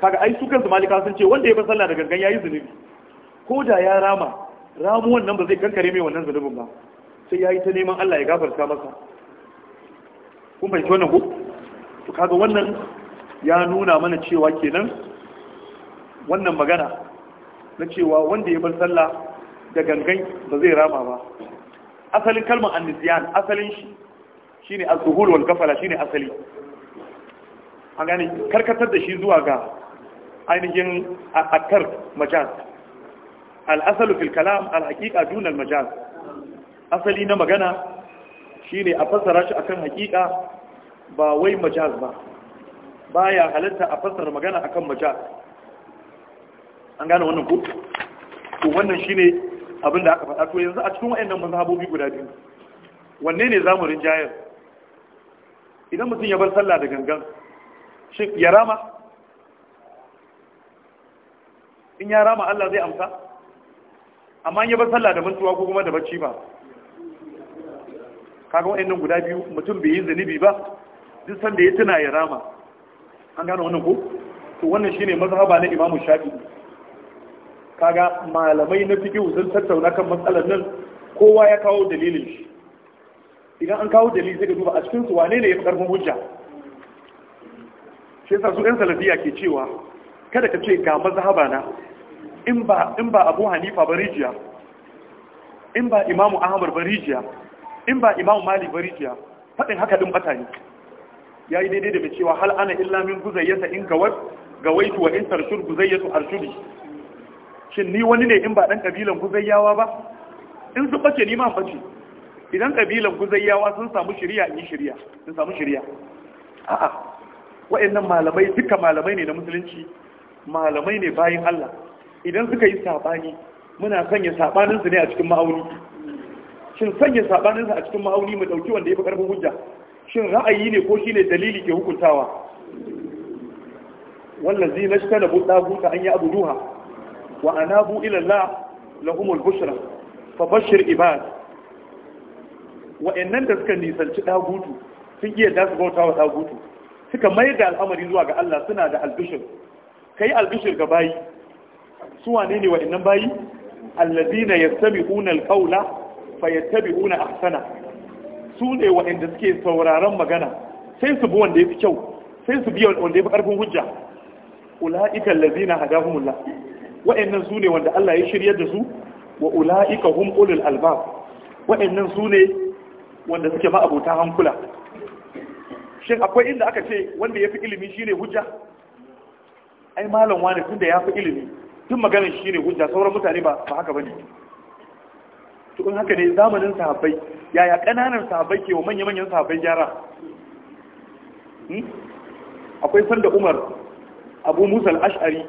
kaga ai su kansu malika sun ce wanda ya bar sallah da gangan ya yi zunubi ko da ya rama ramuwan nan ba zai kankare mai wannan zunubin ba sai ya yi ta neman Allah ya gafarta masa kun bai wannan ko to kaga wannan ya nuna mana cewa kenan wannan magana na cewa wanda ya bar sallah da gangan ba zai rama ba asalin kalmar annisiyan asalin shi shine az-zuhul wal kafala shine asali an gane karkatar da shi zuwa ga ainihin akkar majaz al-asalu fil kalam al-haqiqa dun al-majaz asali na magana shine a fassara shi akan haqiqa ba wai majaz ba baya halatta a fassara magana akan majaz an gane wannan ko to wannan shine abinda aka faɗa to yanzu a cikin wayannan mazhabobi guda biyu wanne ne zamu rinjayar idan mutum ya bar sallah da gangan shi ya rama in ya rama Allah zai amsa amma in ya bar sallah da mantuwa ko kuma da bacci ba kaga wayannan guda biyu mutum bai yi zanibi ba duk sanda ya tuna ya rama an gane wannan ko to wannan shine mazhaba na Imam Shafi'i kaga malamai na fiqh sun tattauna kan matsalar nan kowa ya kawo dalilin shi idan an kawo dalili sai ka duba a cikin su wane ne ya fi karfin hujja shi yasa su ɗan salafiya ke cewa kada ka ce ga mazhaba na in ba in ba Abu Hanifa ba rijiya in ba Imam Ahmad ba rijiya in ba Imam mali ba rijiya faɗin haka din bata ne Ya yi daidai da mai cewa hal ana illa min guzayyata in gawat gawaitu wa in tarshud guzayyatu arshudi shin ni wani ne in ba dan kabilan guzayyawa ba in su bace ni ma bace idan kabilan guzayyawa sun samu shiriya in shiriya sun samu shiriya a'a wayannan malamai duka malamai ne na musulunci malamai ne bayin Allah idan suka yi sabani muna sanya sabanin su ne a cikin ma'auni shin sanya sabanin su a cikin ma'auni mu dauki wanda fi karfin hujja shin ra'ayi ne ko shine dalili ke hukuntawa wallazi nashtana bu daguta an ya abuduha wa anabu ila Allah lahumul bushra fa bashir ibad wa'annan da suka nisanci dagutu sun iya da su bauta wa dagutu suka mai da al'amari zuwa ga Allah suna da albishir kai albishir ga bayi su wane ne wa'annan bayi allazina yastabi'una alqawla fayattabi'una ahsana su ne wa'anda suke sauraron magana sai su bi wanda yafi kyau sai su bi wanda yafi karfin hujja ula'ika allazina hadahumullah wa'annan su ne wanda Allah ya shirya da su wa ula'ika hum ulul albab wa'annan su ne wanda suke ma abota hankula shin akwai inda aka ce wanda ya fi ilimi shine hujja ai malam wani tunda ya fi ilimi tun magana shine hujja sauran mutane ba ba haka bane to in haka ne zamanin sahabbai yaya kananan sahabbai ke wa manya-manyan sahabbai gyara hmm? akwai sanda umar abu musa al-ash'ari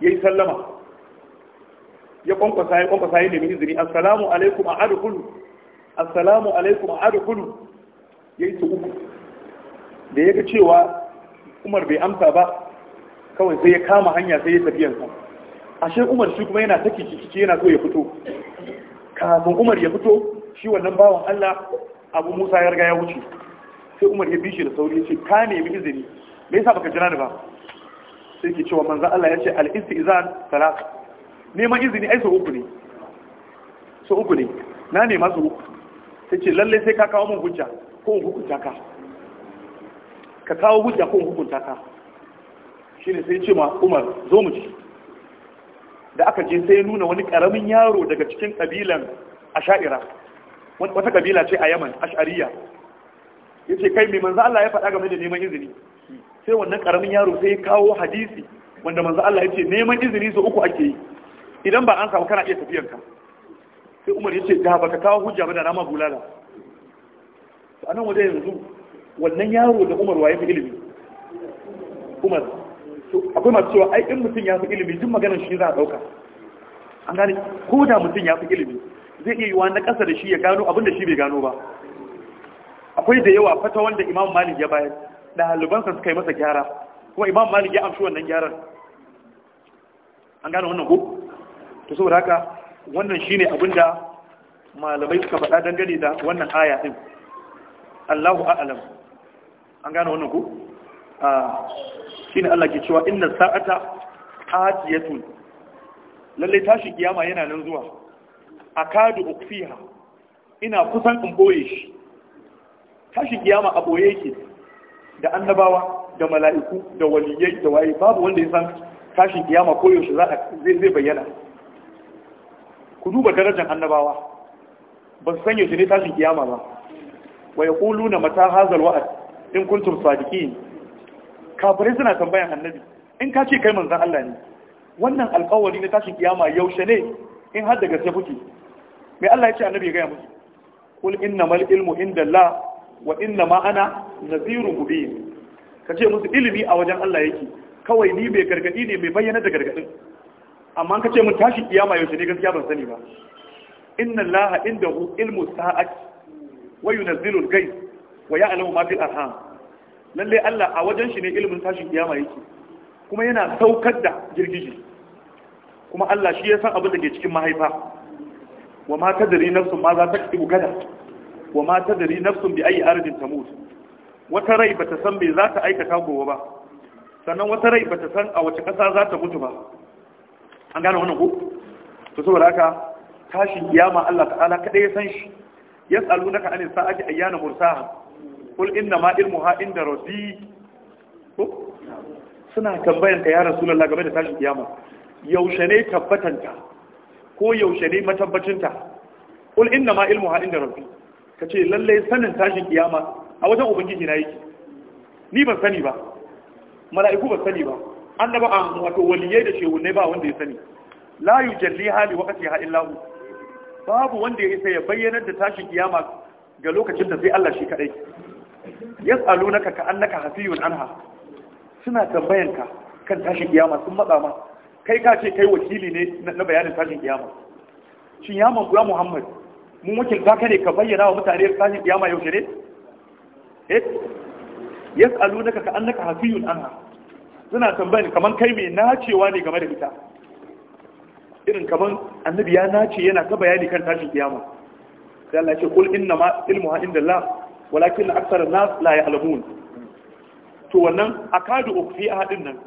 ya yi sallama ya kwankwasa ya kwankwasa ya nemi izini assalamu alaikum a adkhulu assalamu alaikum a ya yi su uku da ya ga cewa Umar bai amsa ba kawai sai ya kama hanya sai ya tafi yansa ashe Umar shi kuma yana take cikici yana so ya fito kafin Umar ya fito shi wannan bawan Allah Abu Musa ya riga ya wuce sai Umar ya bishi da sauri ya ce ka nemi izini me yasa baka jira ni ba sai ke cewa manzo Allah ya ce al-istizan talaka neman izini ai su uku ne so uku ne na nema su uku sai ce lalle sai ka kawo min hujja ko in hukunta ka ka kawo hujja ko in hukunta ka shine sai ce ma Umar zo mu ci da aka je sai nuna wani karamin yaro daga cikin kabilan Asha'ira wata kabila ce a Yaman Ash'ariya yace kai mai manzo Allah ya faɗa game da neman izini sai wannan karamin yaro sai ya kawo hadisi wanda manzo Allah ya ce neman izini su uku ake yi idan ba an samu kana iya tafiyanka sai umar ya ce da baka kawo hujja ba da nama bulala a nan waje yanzu wannan yaro da umar waye fi ilimi umar akwai masu cewa ai in mutum ya fi ilimi duk maganar shi za a ɗauka an gane ko da mutum ya fi ilimi zai iya yiwa na ƙasa da shi ya gano abin da shi bai gano ba akwai da yawa fata wanda imam malik ya bayar ɗalibansa suka yi masa gyara kuma imam malik ya amshi wannan gyaran an gane wannan ko to saboda haka wannan shine abinda da malamai suka faɗa dangane da wannan aya din Allahu a'lam an gane wannan ku a shine Allah ke cewa inna sa'ata atiyatun lalle tashi kiyama yana nan zuwa akadu ukfiha ina kusan in boye shi tashi kiyama a boye yake da annabawa da mala'iku da waliyai da waye babu wanda ya san tashin kiyama koyaushe zai bayyana ku duba darajar annabawa ba su sanya shi ne tashin kiyama ba wa na mata hazal wa'd in kuntum sadiqin kafirai suna tambayan annabi in ka ce kai manzan Allah ne wannan alƙawari na tashin kiyama yaushe ne in har da gaske kuke mai Allah ya ce annabi ya gaya musu kul innamal ilmu indallah wa innama ana nazirun mubin ka ce musu ilimi a wajen Allah yake kawai ni mai gargadi ne mai bayyana da gargadin amma ka ce mun tashi kiyama yaushe ne gaskiya ban sani ba inna allaha indahu ilmu sa'ati wa yunazzilu al-ghayb wa ya'lamu ma fil arham lalle Allah a wajen shi ne ilmin tashin kiyama yake kuma yana saukar da girgiji kuma Allah shi ya san abin da ke cikin mahaifa wa ma tadri nafsun ma za ta kibu gada wa ma tadri nafsun bi ayi ardin tamut wata rai bata san bai za ta aikata gobe ba sannan wata rai bata san a wace kasa za ta mutu ba an gane wannan ko to saboda haka tashin kiyama Allah ta'ala kada ya san shi yas'alunaka anis sa'ati ayyana mursaha kul inna ma ilmuha inda rabbi ko suna tambayan ka ya rasulullah game da tashin kiyama yaushe ne tabbatanta ko yaushe ne matabbacinta kul inna ma ilmuha inda rabbi kace lalle sanin tashin kiyama a wajen ubangiji na yake ni ban sani ba mala'iku ban sani ba annaba a wato waliyai da shehunai ba wanda ya sani la yujalli hali waqti ha illa hu babu wanda ya isa ya bayyana da tashin kiyama ga lokacin da sai Allah shi kadai yas'alunaka ka annaka hafiyun anha suna tambayanka kan tashin kiyama sun matsa ma kai ka ce kai wakili ne na bayanin tashin kiyama shin ya manzo Muhammad mun wakilta ka ne ka bayyana wa mutane tashin kiyama yaushe ne eh yas'alunaka ka annaka hafiyun anha suna tambayin kamar kai mai nacewa ne game da ita irin kamar annabi ya nace yana ta bayani kan tashin kiyama sai Allah ce kul inna ma ilmu ha inda Allah walakin aksar nas la ya'lamun to wannan akadu ukfi a hadin nan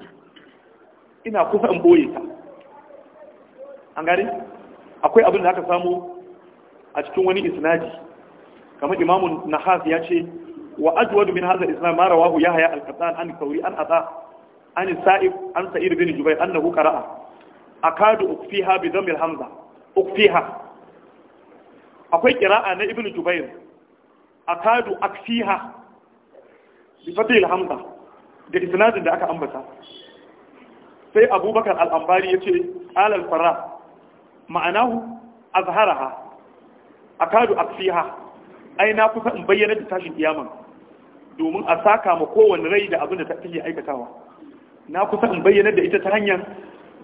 ina kusa in boye ta an gari akwai abin da aka samu a cikin wani isnadi kamar imamu nahas ya ce wa ajwadu min hadha al-islam ma rawahu yahya al-qattan an thawri an ata an sa'ib an sa'id bin jubair annahu qara'a akadu ukfiha bi dhammil hamza ukfiha akwai qira'a na ibnu jubair akadu akfiha bi fatil hamza da isnadin da aka ambata sai abubakar al-ambari yace alal farra ma'anahu azharaha akadu akfiha ai na kusa in bayyana da tashin kiyaman domin a saka ma kowane rai da abin da ta aikatawa na kusa in bayyana da ita ta hanyar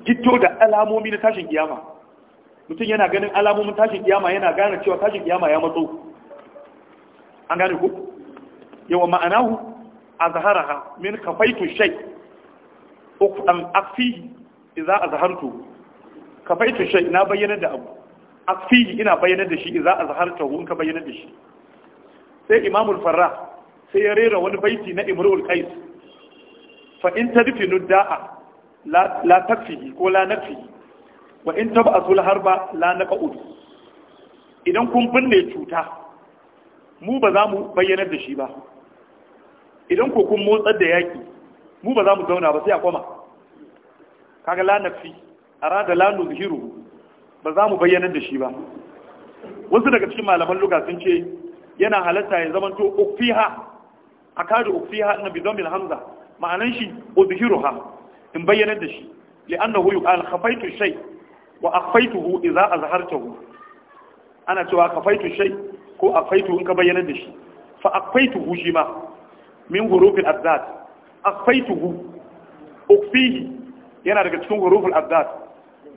gito da alamomi na tashin kiyama mutum yana ganin alamomin tashin kiyama yana gane cewa tashin kiyama ya matso an gane ku yawa ma'anahu ha min kafaitu uku an afi idza azhartu kafaitu shai na bayyana da abu afi ina bayyana da shi ta hu, in ka bayyana da shi sai imamul farra sai ya rera wani baiti na imrul qais fa in tadfinu da'a la la tafihi ko la nafihi wa in ta ba tab'asul harba la udu. idan kun binne cuta mu ba za mu bayyanar da shi ba idan ko kun motsar da yaki mu ba za mu zauna ba sai a koma kaga la nafi arada la zihiru, ba za mu bayyanar da shi ba wasu daga cikin malaman luga sun ce yana halatta ya zamanto ukfiha akadu ukfiha na bidon bil hamza ma'anan shi udhiruha in bayyana da shi li'annahu yuqal khafaitu shay wa akhfaituhu idza azhartahu ana cewa khafaitu shay ko akhfaitu in ka bayyana da shi fa akhfaituhu shi ma min hurufil abzat akhfaituhu ukfihi yana daga cikin huruful abzat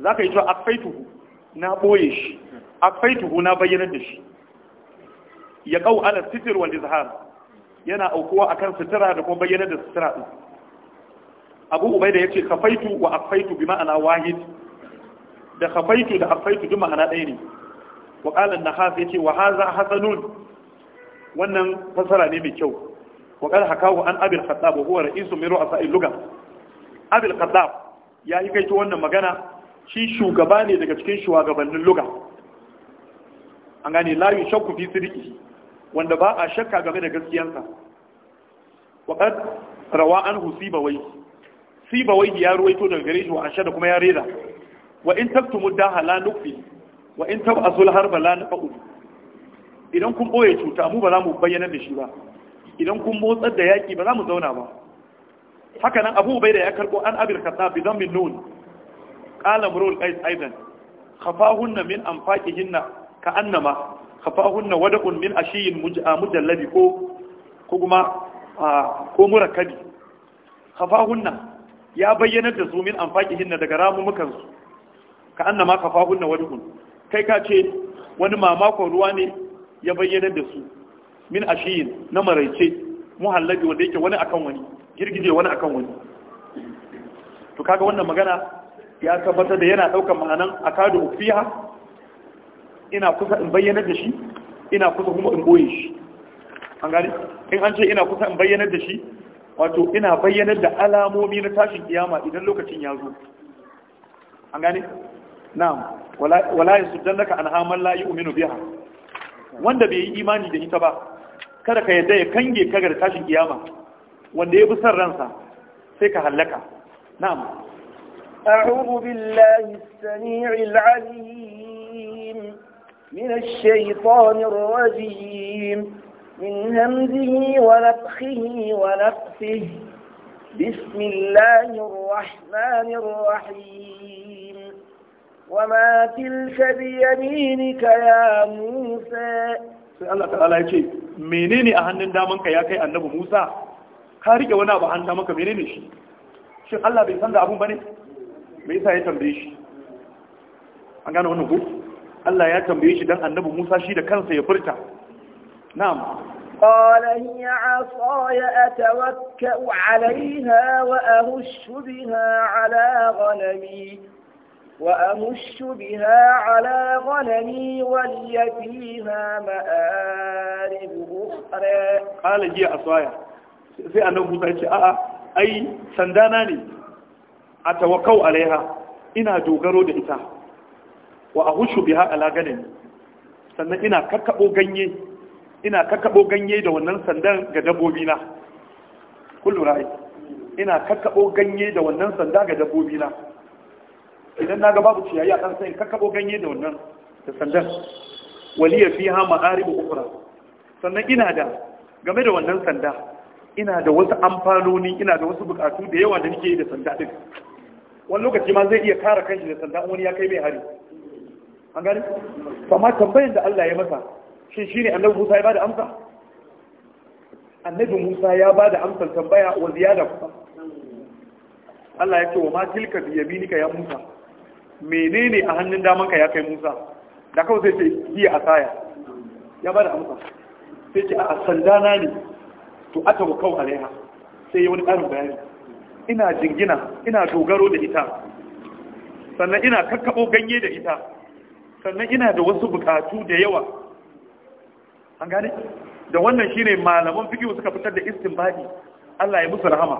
zaka yi cewa akhfaituhu na boye shi akhfaituhu na bayyana da shi ya qau ala sitr wal izhar yana aukuwa akan sutura da kuma bayyana da sutura ɗin. abu ya ce kafaitu wa afaitu bi ma'ana wahid da kafaitu da afaitu duk ma'ana ɗaya ne wa na haza nahas yace wa hadha hasanun wannan fasara ne mai kyau wa hakahu an abil khattab wa huwa ra'isu a sa'in lugha abil khattab ya yi kaito wannan magana shi shugaba ne daga cikin shugabannin luga an gane layu shakku fi sirrihi wanda ba a shakka game da gaskiyarsa waqad rawa anhu sibawai sibawai ya ruwaito daga gare shi wa da kuma ya reda wa in taktumu daha la nukfi wa in tab'asul harba la naqud idan kun boye cuta mu ba za mu bayyana da shi ba idan kun motsar da yaki ba za mu zauna ba haka nan abu bai da ya karbo an abir kasa bi zan min nun ƙala murul ƙais aidan khafahunna min amfaqihinna ka annama khafahunna wada'un min ashiyin ah, mujalladi ko ko kuma ah, ko murakkabi khafahunna ya bayyana da su min anfaqihinna daga ramumukan su ka annama khafahunna wada'un kai ka ce wani mamakon ruwa ne ya bayyana da su min ashiyin na maraice muhallabi wanda yake wani akan wani girgije wani akan wani to kaga wannan magana ya tabbata da yana daukar ma'anan akadu fiha ina kusa in bayyana da shi ina kusa kuma in boye shi an gani in an ce ina kusa in bayyana da shi wato ina bayyana da alamomi na tashin kiyama idan lokacin ya zo an gani na'am wala yasuddannaka an hamal la yu'minu biha wanda bai yi imani da ita ba kada ka yadda ya kange ka tashin kiyama wanda ya bi san ransa sai ka hallaka na'am أعوذ بالله السميع العليم من الشيطان الرجيم من همزه ونفخه ونفسه بسم الله الرحمن الرحيم وما تلك بيمينك يا موسى sai Allah ta'ala ya ce menene a hannun damanka ya kai annabi Musa ka rike wani abu an damanka menene shi shin Allah bai san da abun bane me yasa ya tambaye shi an gane wannan ko Allah ya tambaye shi dan annabi Musa shi da kansa ya furta na'am قال هي عصاي أتوكأ عليها وأهش بها على غنمي وأهش بها على غنمي ولي فيها مآرب أخرى قال هي عصاي sai annabi Musa ya ce a'a ai sandana ne a tawakau alaiha ina dogaro da ita wa a hushu biya ala ganin sannan ina kakkaɓo ganye ina kakkaɓo ganye da wannan sandan ga dabbobina kullu ra'ayi ina kakkaɓo ganye da wannan sanda ga dabbobina idan na ga babu ciyayi a kan sai kakkaɓo ganye da wannan da sandan waliya fiha ma'aribu ukhra sannan ina da game da wannan sanda ina da wasu amfanoni ina da wasu bukatu da yawa da nake yi da sanda din wani lokaci ma zai iya kara kanshi da sanda wani ya kai mai hari an gani amma tambayin da Allah ya masa shin ne annabi Musa ya bada amsa annabi Musa ya bada amsa tambaya wa ziyada kusa Allah ya ce wa ma tilka bi yaminika ya Musa menene a hannun damanka ya kai Musa da kawai sai ce yi asaya ya bada amsa sai ce a sandana ne to aka wa kawo alaiha sai ya wani ƙarin bayani ina jingina ina dogaro da ita sannan ina kakkaɓo ganye da ita sannan ina da wasu bukatu da yawa an gane da wannan shine malaman fiqh suka fitar da istinbadi Allah ya musu rahama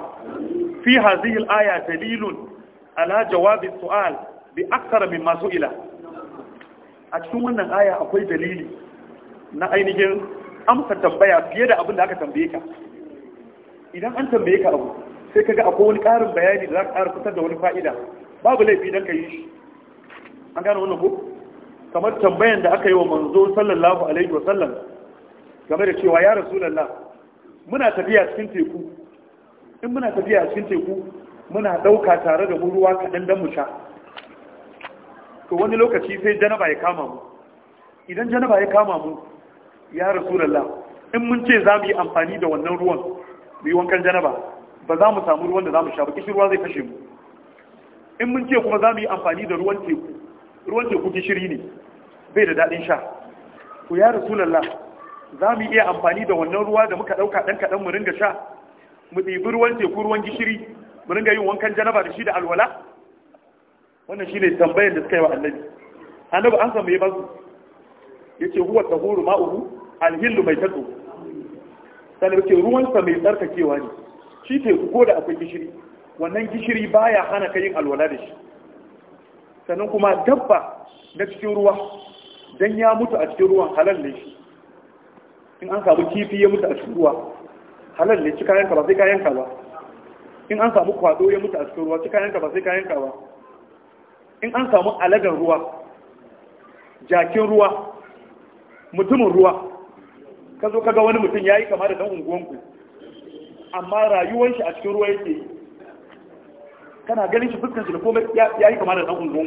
fi hadhihi al-aya dalilun ala jawab sual bi akthar ma su'ila a cikin wannan aya akwai dalili na ainihin amsa tambaya fiye da abin da aka tambaye ka idan an tambaye ka abu sai kaga akwai wani ƙarin bayani da za ka ƙara fitar da wani fa'ida babu laifi don ka yi shi an gane wannan ko kamar tambayan da aka yi wa manzo sallallahu alaihi wa sallam game da cewa ya rasulullah muna tafiya cikin teku in muna tafiya cikin teku muna dauka tare da ruwa kadan dan mu sha to wani lokaci sai janaba ya kama mu idan janaba ya kama mu ya rasulullah in mun ce za mu yi amfani da wannan ruwan mu yi wankan janaba ba za mu samu ruwan da za mu sha ba kishi ruwa zai kashe mu in mun ce kuma za mu yi amfani da ruwan teku ruwan teku gishiri ne bai da daɗin sha ku ya rasulallah za mu iya amfani da wannan ruwa da muka ɗauka ɗan kaɗan mu ringa sha mu ɗibi ruwan teku ruwan gishiri mu ringa yin wankan janaba da shi da alwala wannan shi ne tambayar da suka yi wa annabi annabi an samu ya basu ya ce huwa tahuru ma'uhu alhillu mai tatso sannan ce ruwansa mai tsarkakewa ne shi teku ko da akwai gishiri wannan gishiri baya hana ka yin alwala da shi sannan kuma dabba na cikin ruwa don ya mutu a cikin ruwan halal ne shi in an samu kifi ya mutu a cikin ruwa halal ne ci kayanka ba sai kayanka ba in an samu kwado ya mutu a cikin ruwa ci kayanka ba sai kayanka ba in an samu alagar ruwa jakin ruwa mutumin ruwa ka zo ka ga wani mutum ya yi kama da ɗan unguwanku amma rayuwar shi a cikin ruwa yake yi kana ganin shi fuskan shi da komai ya yi kama da ɗan ungon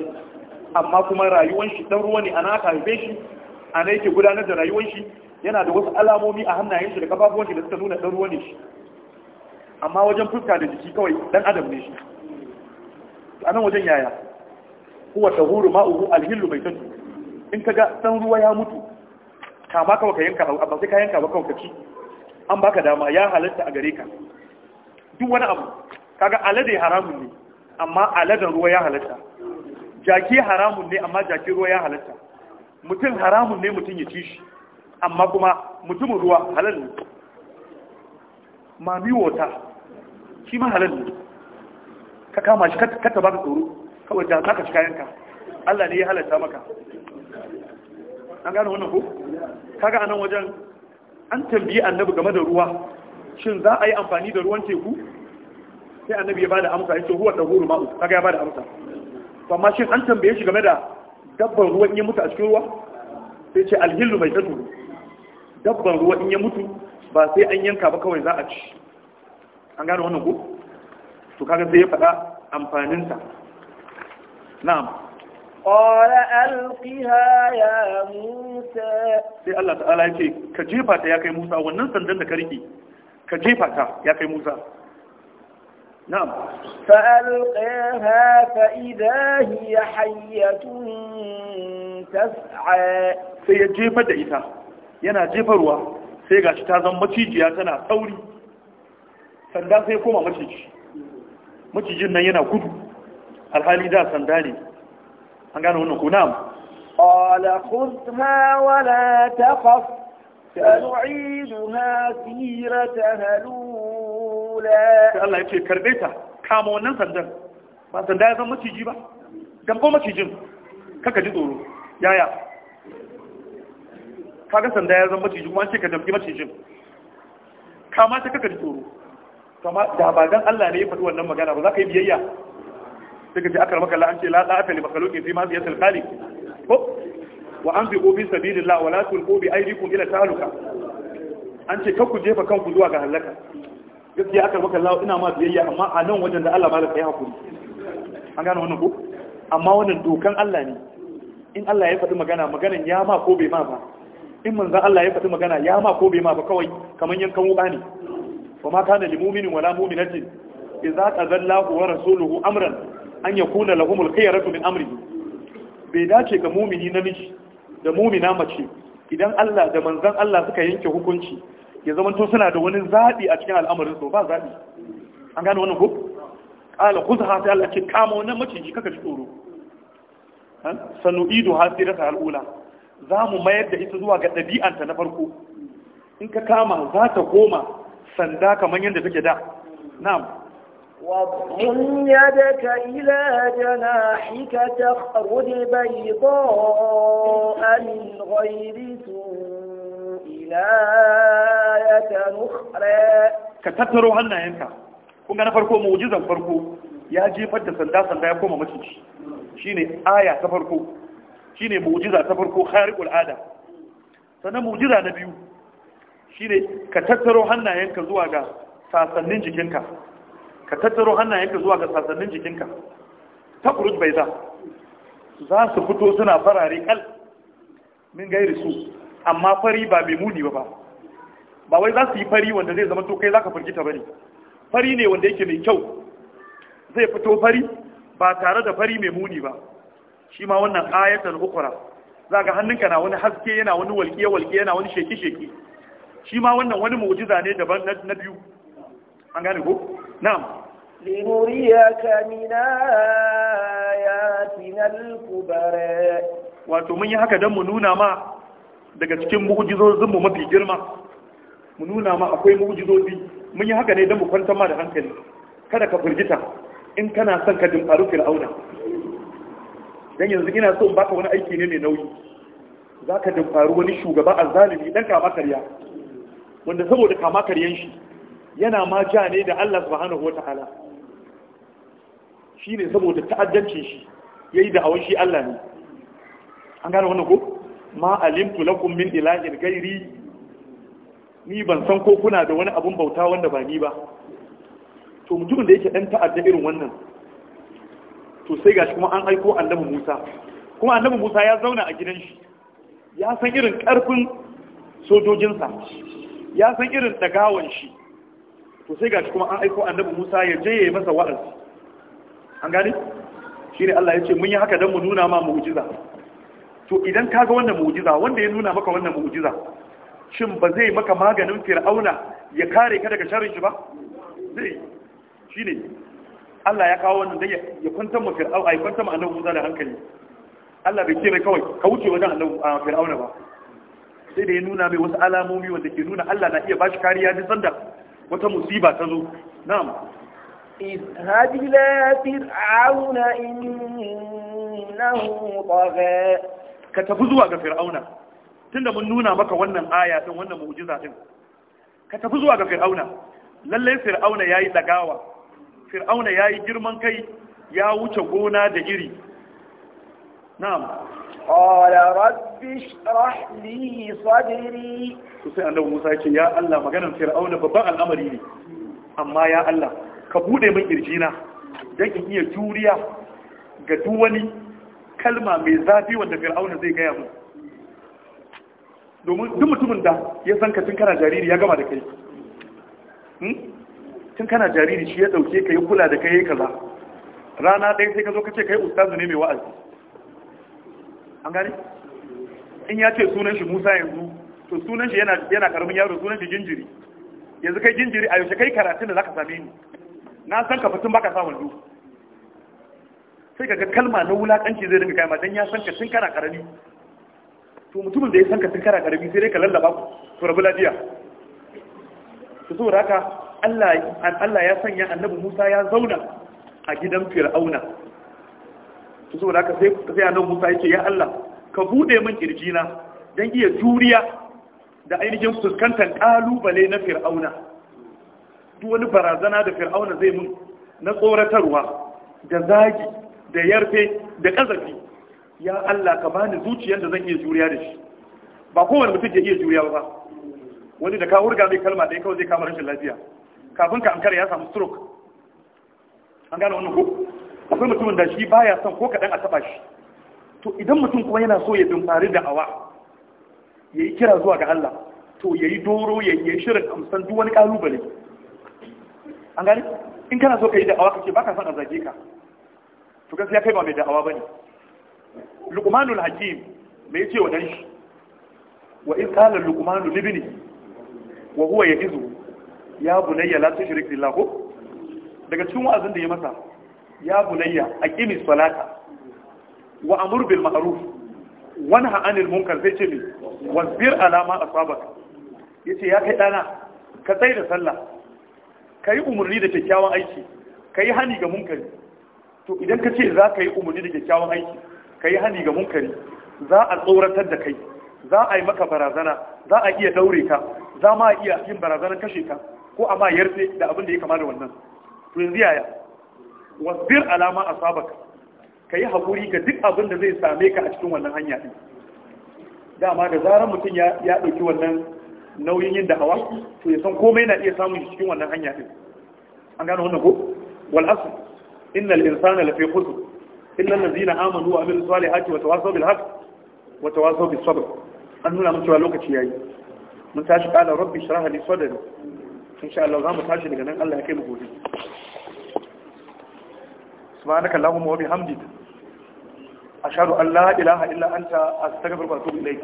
amma kuma rayuwan shi dan ruwa ne ana aka haife shi ana yake gudanar da rayuwan shi yana da wasu alamomi a hannayen shi da kafafuwan shi da suka nuna dan ruwa ne shi amma wajen fuska da jiki kawai dan adam ne shi a nan wajen yaya ta huru ma'uhu alhillu mai tattu in ka ga dan ruwa ya mutu kama kawai ka yanka amma sai ka yanka ba kawai ka ci an baka dama ya halatta a gare ka duk wani abu kaga alade haramun ne amma aladan ruwa ya halatta jaki haramun ne amma jaki ruwa ya halatta mutum haramun ne mutum ya ci shi amma kuma mutumin ruwa halal ne mami wata shi ma halal ne ka kama shi kata ba ka tsoro kawai da za ka shi kayanka Allah ne ya halatta maka an gane wannan ko kaga anan wajen an tambayi annabi game da ruwa shin za a yi amfani da ruwan teku sai annabi ya bada amsa yace huwa tahuru ma'u kaga ya bada amsa to amma shin an tambaye shi game da dabban ruwa in ya mutu a cikin ruwa sai ce alhillu mai tatu dabban ruwa in ya mutu ba sai an yanka ba kawai za a ci an gane wannan ko to kaga sai ya faɗa amfaninta na'am qala alqiha ya musa. sai Allah ta'ala ya ce ka jefa ta ya kai Musa wannan sandan da ka rike ka jefa ta ya kai Musa نعم فألقاها فإذا هي حية تسعى سيجيب دعيتها ينا جيبروا سيجا شتازم متيجي أتنا ثوري sanda sai koma maciji macijin nan yana gudu alhali da sanda ne an gane wannan kunam qala khudha wa la taqaf sanu'iduha sirataha أولئك الله يبكي كربيتا kama wannan sandan. ba sanda ya zan maciji ba gambo macijin kaka ji tsoro yaya kaga sanda ya zan maciji kuma an ce ka jamfi macijin kama ta kaka ji tsoro kama da bagan Allah ne ya faɗi wannan magana ba za ka yi biyayya sai ka ce akar makalla an ce la da afali makaluki fi ma ziyatul khaliq ko wa an anfiqu fi sabilillah wa la tulqu bi kun ila ta'aluka an ce kan ku jefa kanku zuwa ga halaka gaskiya aka baka lawa ina ma biyayya amma a nan wajen da Allah ba zai kai hakuri an gane wannan ko amma wannan dokan Allah ne in Allah ya faɗi magana maganan ya ma ko bai ma ba in manzo Allah ya faɗi magana ya ma ko bai ma ba kawai kaman yankan wuka ne wa ma kana lil mu'minin wala mu'minatin idza qadallahu wa rasuluhu amran an yakuna lahumul khiyaratu min amrihi bai dace ga mumini namiji da mumina mace idan Allah da manzon Allah suka yanke hukunci ya zama to suna da wani zaɓi a cikin al'amarin su ba zaɓi an gane wannan ko ƙala kusa ha sai Allah ce kama wannan maciji kaka ji tsoro sanu'idu ha sai rasa al'ula za mu mayar da ita zuwa ga ɗabi'anta na farko in ka kama za ta koma sanda kamar yadda take da na'am واضم يدك إلى جناحك تخرج بيضاء من غير سوء ka tattaro hannayenka kun ga na farko mu'jizan farko ya jefar da sanda sanda ya koma maciji shine aya ta farko shine mu'jiza ta farko khariqul ada sannan mu'jiza na biyu shine ka tattaro hannayenka zuwa ga sasannin jikinka ka tattaro hannayenka zuwa ga sasannin jikinka ta kuruj baiza. za za su fito suna farare kal min gairi su amma fari ba mai muni ba ba wai za su yi fari wanda zai zama to kai zaka firgita bane fari ne wanda yake mai kyau zai fito fari ba tare da fari mai muni ba shi ma wannan ayatan ukura za ga hannunka na wani haske yana wani walƙiya walƙiya yana wani sheki-sheki shi ma wannan wani mu'jiza ne daban na biyu an gane ko na'am linuriyaka min ayatina kubara wato mun yi haka dan mu nuna ma daga cikin mu'jizozin mu mafi girma mu nuna ma akwai mu'ujizozi mun yi haka ne don mu kwantar ma da hankali kada ka firgita in kana son ka dimfaru fir'auna dan yanzu ina so in baka wani aiki ne mai nauyi za ka dimfaru wani shugaba a zalimi dan kama karya wanda saboda kama karyan shi yana ma ja ne da Allah subhanahu wata'ala shi ne saboda ta'addancin shi ya yi da awon Allah ne an gane wannan ko ma alimtu lakum min ilahin gairi ni ban san ko kuna da wani abun bauta wanda ba ni ba to mutumin da yake dan ta'adda irin wannan to sai gashi kuma an aiko annabi Musa kuma annabi Musa ya zauna a gidan shi ya san irin karfin sojojinsa ya san irin dagawan shi to sai gashi kuma an aiko annabi Musa ya je ya yi masa wa'azi an gane shine Allah ya ce mun yi haka dan mu nuna ma mu'jiza to idan ka ga wannan mu'jiza wanda ya nuna maka wannan mu'jiza shin ba zai maka maganin fir'auna ya kare ka daga sharrin shi ba zai shine Allah ya kawo wannan dai ya kwantar mu fir'au ai kwanta mu annabi Musa da hankali Allah bai kire mai kawai ka wuce wajen annabi fir'auna ba sai da ya nuna mai wasu alamomi wanda ke nuna Allah na iya bashi kariya duk sanda wata musiba ta zo na'am اذهب إلى فرعون إنه طغى ka tafi zuwa ga fir'auna tunda mun nuna maka wannan aya din wannan mu'jiza din ka tafi zuwa ga fir'auna lalle fir'auna yayi dagawa fir'auna yayi girman kai ya wuce gona da iri na'am qala rabbi shrah li sadri sai annabi Musa ce ya Allah maganar fir'auna babban al'amari ne amma ya Allah ka bude min kirjina dan in iya juriya ga duk wani kalma mai zafi wanda fir'auna zai gaya mu domin duk mutumin da ya san ka tun kana jariri ya gama da kai hmm? tun kana jariri shi ya dauke ka yi kula da kai kaza rana ɗaya sai ka zo ka ce kai ustazu ne mai wa'azi an gani in ya ce sunan shi musa yanzu to sunan shi yana karamin yaro sunan shi jinjiri yanzu kai jinjiri a yaushe kai karatun da zaka same ni na san ka fitin baka sa wando sai kaga kalma na wulakanci zai ringa kaima dan ya san ka tun kana karami to mutumin da ya san ka tun kana karami sai dai ka lallaba ku to rabu lafiya to saboda haka Allah Allah ya sanya Annabi Musa ya zauna a gidan Fir'auna to saboda haka sai sai Annabi Musa yake ya Allah ka bude min kirjina dan iya juriya da ainihin fuskantar kalubale na Fir'auna duk wani barazana da Fir'auna zai mun na tsoratarwa da zagi da yarfe da kazafi ya Allah ka bani zuciyar da zan iya juriya da shi ba kowane mutum ke iya juriya ba wani da ka hurga mai kalma da kawai zai kama rashin lafiya kafin ka ankara ya samu stroke an gane wannan ko akwai mutumin da shi baya son ko kaɗan a taɓa shi to idan mutum kuma yana so ya dumfari da awa ya yi kira zuwa ga Allah to ya yi doro ya yi shirin amsan duk wani ƙalubale an gane in kana so ka yi da awa kake baka son a zage ka to gaskiya kai ba mai da'awa bane luqmanul hakim me yace wa dan shi wa in qala luqmanu libni wa huwa ya'izu ya bunayya la tushrik billah ko daga cikin wa'azin da ya masa ya bunayya aqimi salata wa amur bil ma'ruf wanha anil munkar sai ce mi wasbir ala ma asabaka yace ya kai dana ka tsaya da sallah kai umurni da kyakkyawan aiki kai hani ga munkari to idan ka ce za ka yi umarni da kyakkyawan aiki ka yi hani ga munkari za a tsoratar da kai za a yi maka barazana za a iya daure ka za ma iya yin barazanar kashe ka ko a ma yarfe da abin da ya kama da wannan to yanzu yaya wasbir alama a asabaka ka yi haƙuri ga duk abin da zai same ka a cikin wannan hanya ɗin dama da zarar mutum ya ɗauki wannan nauyin yin da'awa to ya san komai na iya samun cikin wannan hanya ɗin an gano wannan ko wal asr إن الإنسان لفي خسر إن الذين آمنوا وأمروا الصالحات وتواصوا بالحق وتواصوا بالصبر أنهنا من تعلق يعني. شيئا من تعش على ربي شرها لي صدري إن شاء الله غام تعش لنا الله كي مبودي سبحانك اللهم وبحمدك أشهد أن لا إله إلا أنت أستغفرك وأتوب إليك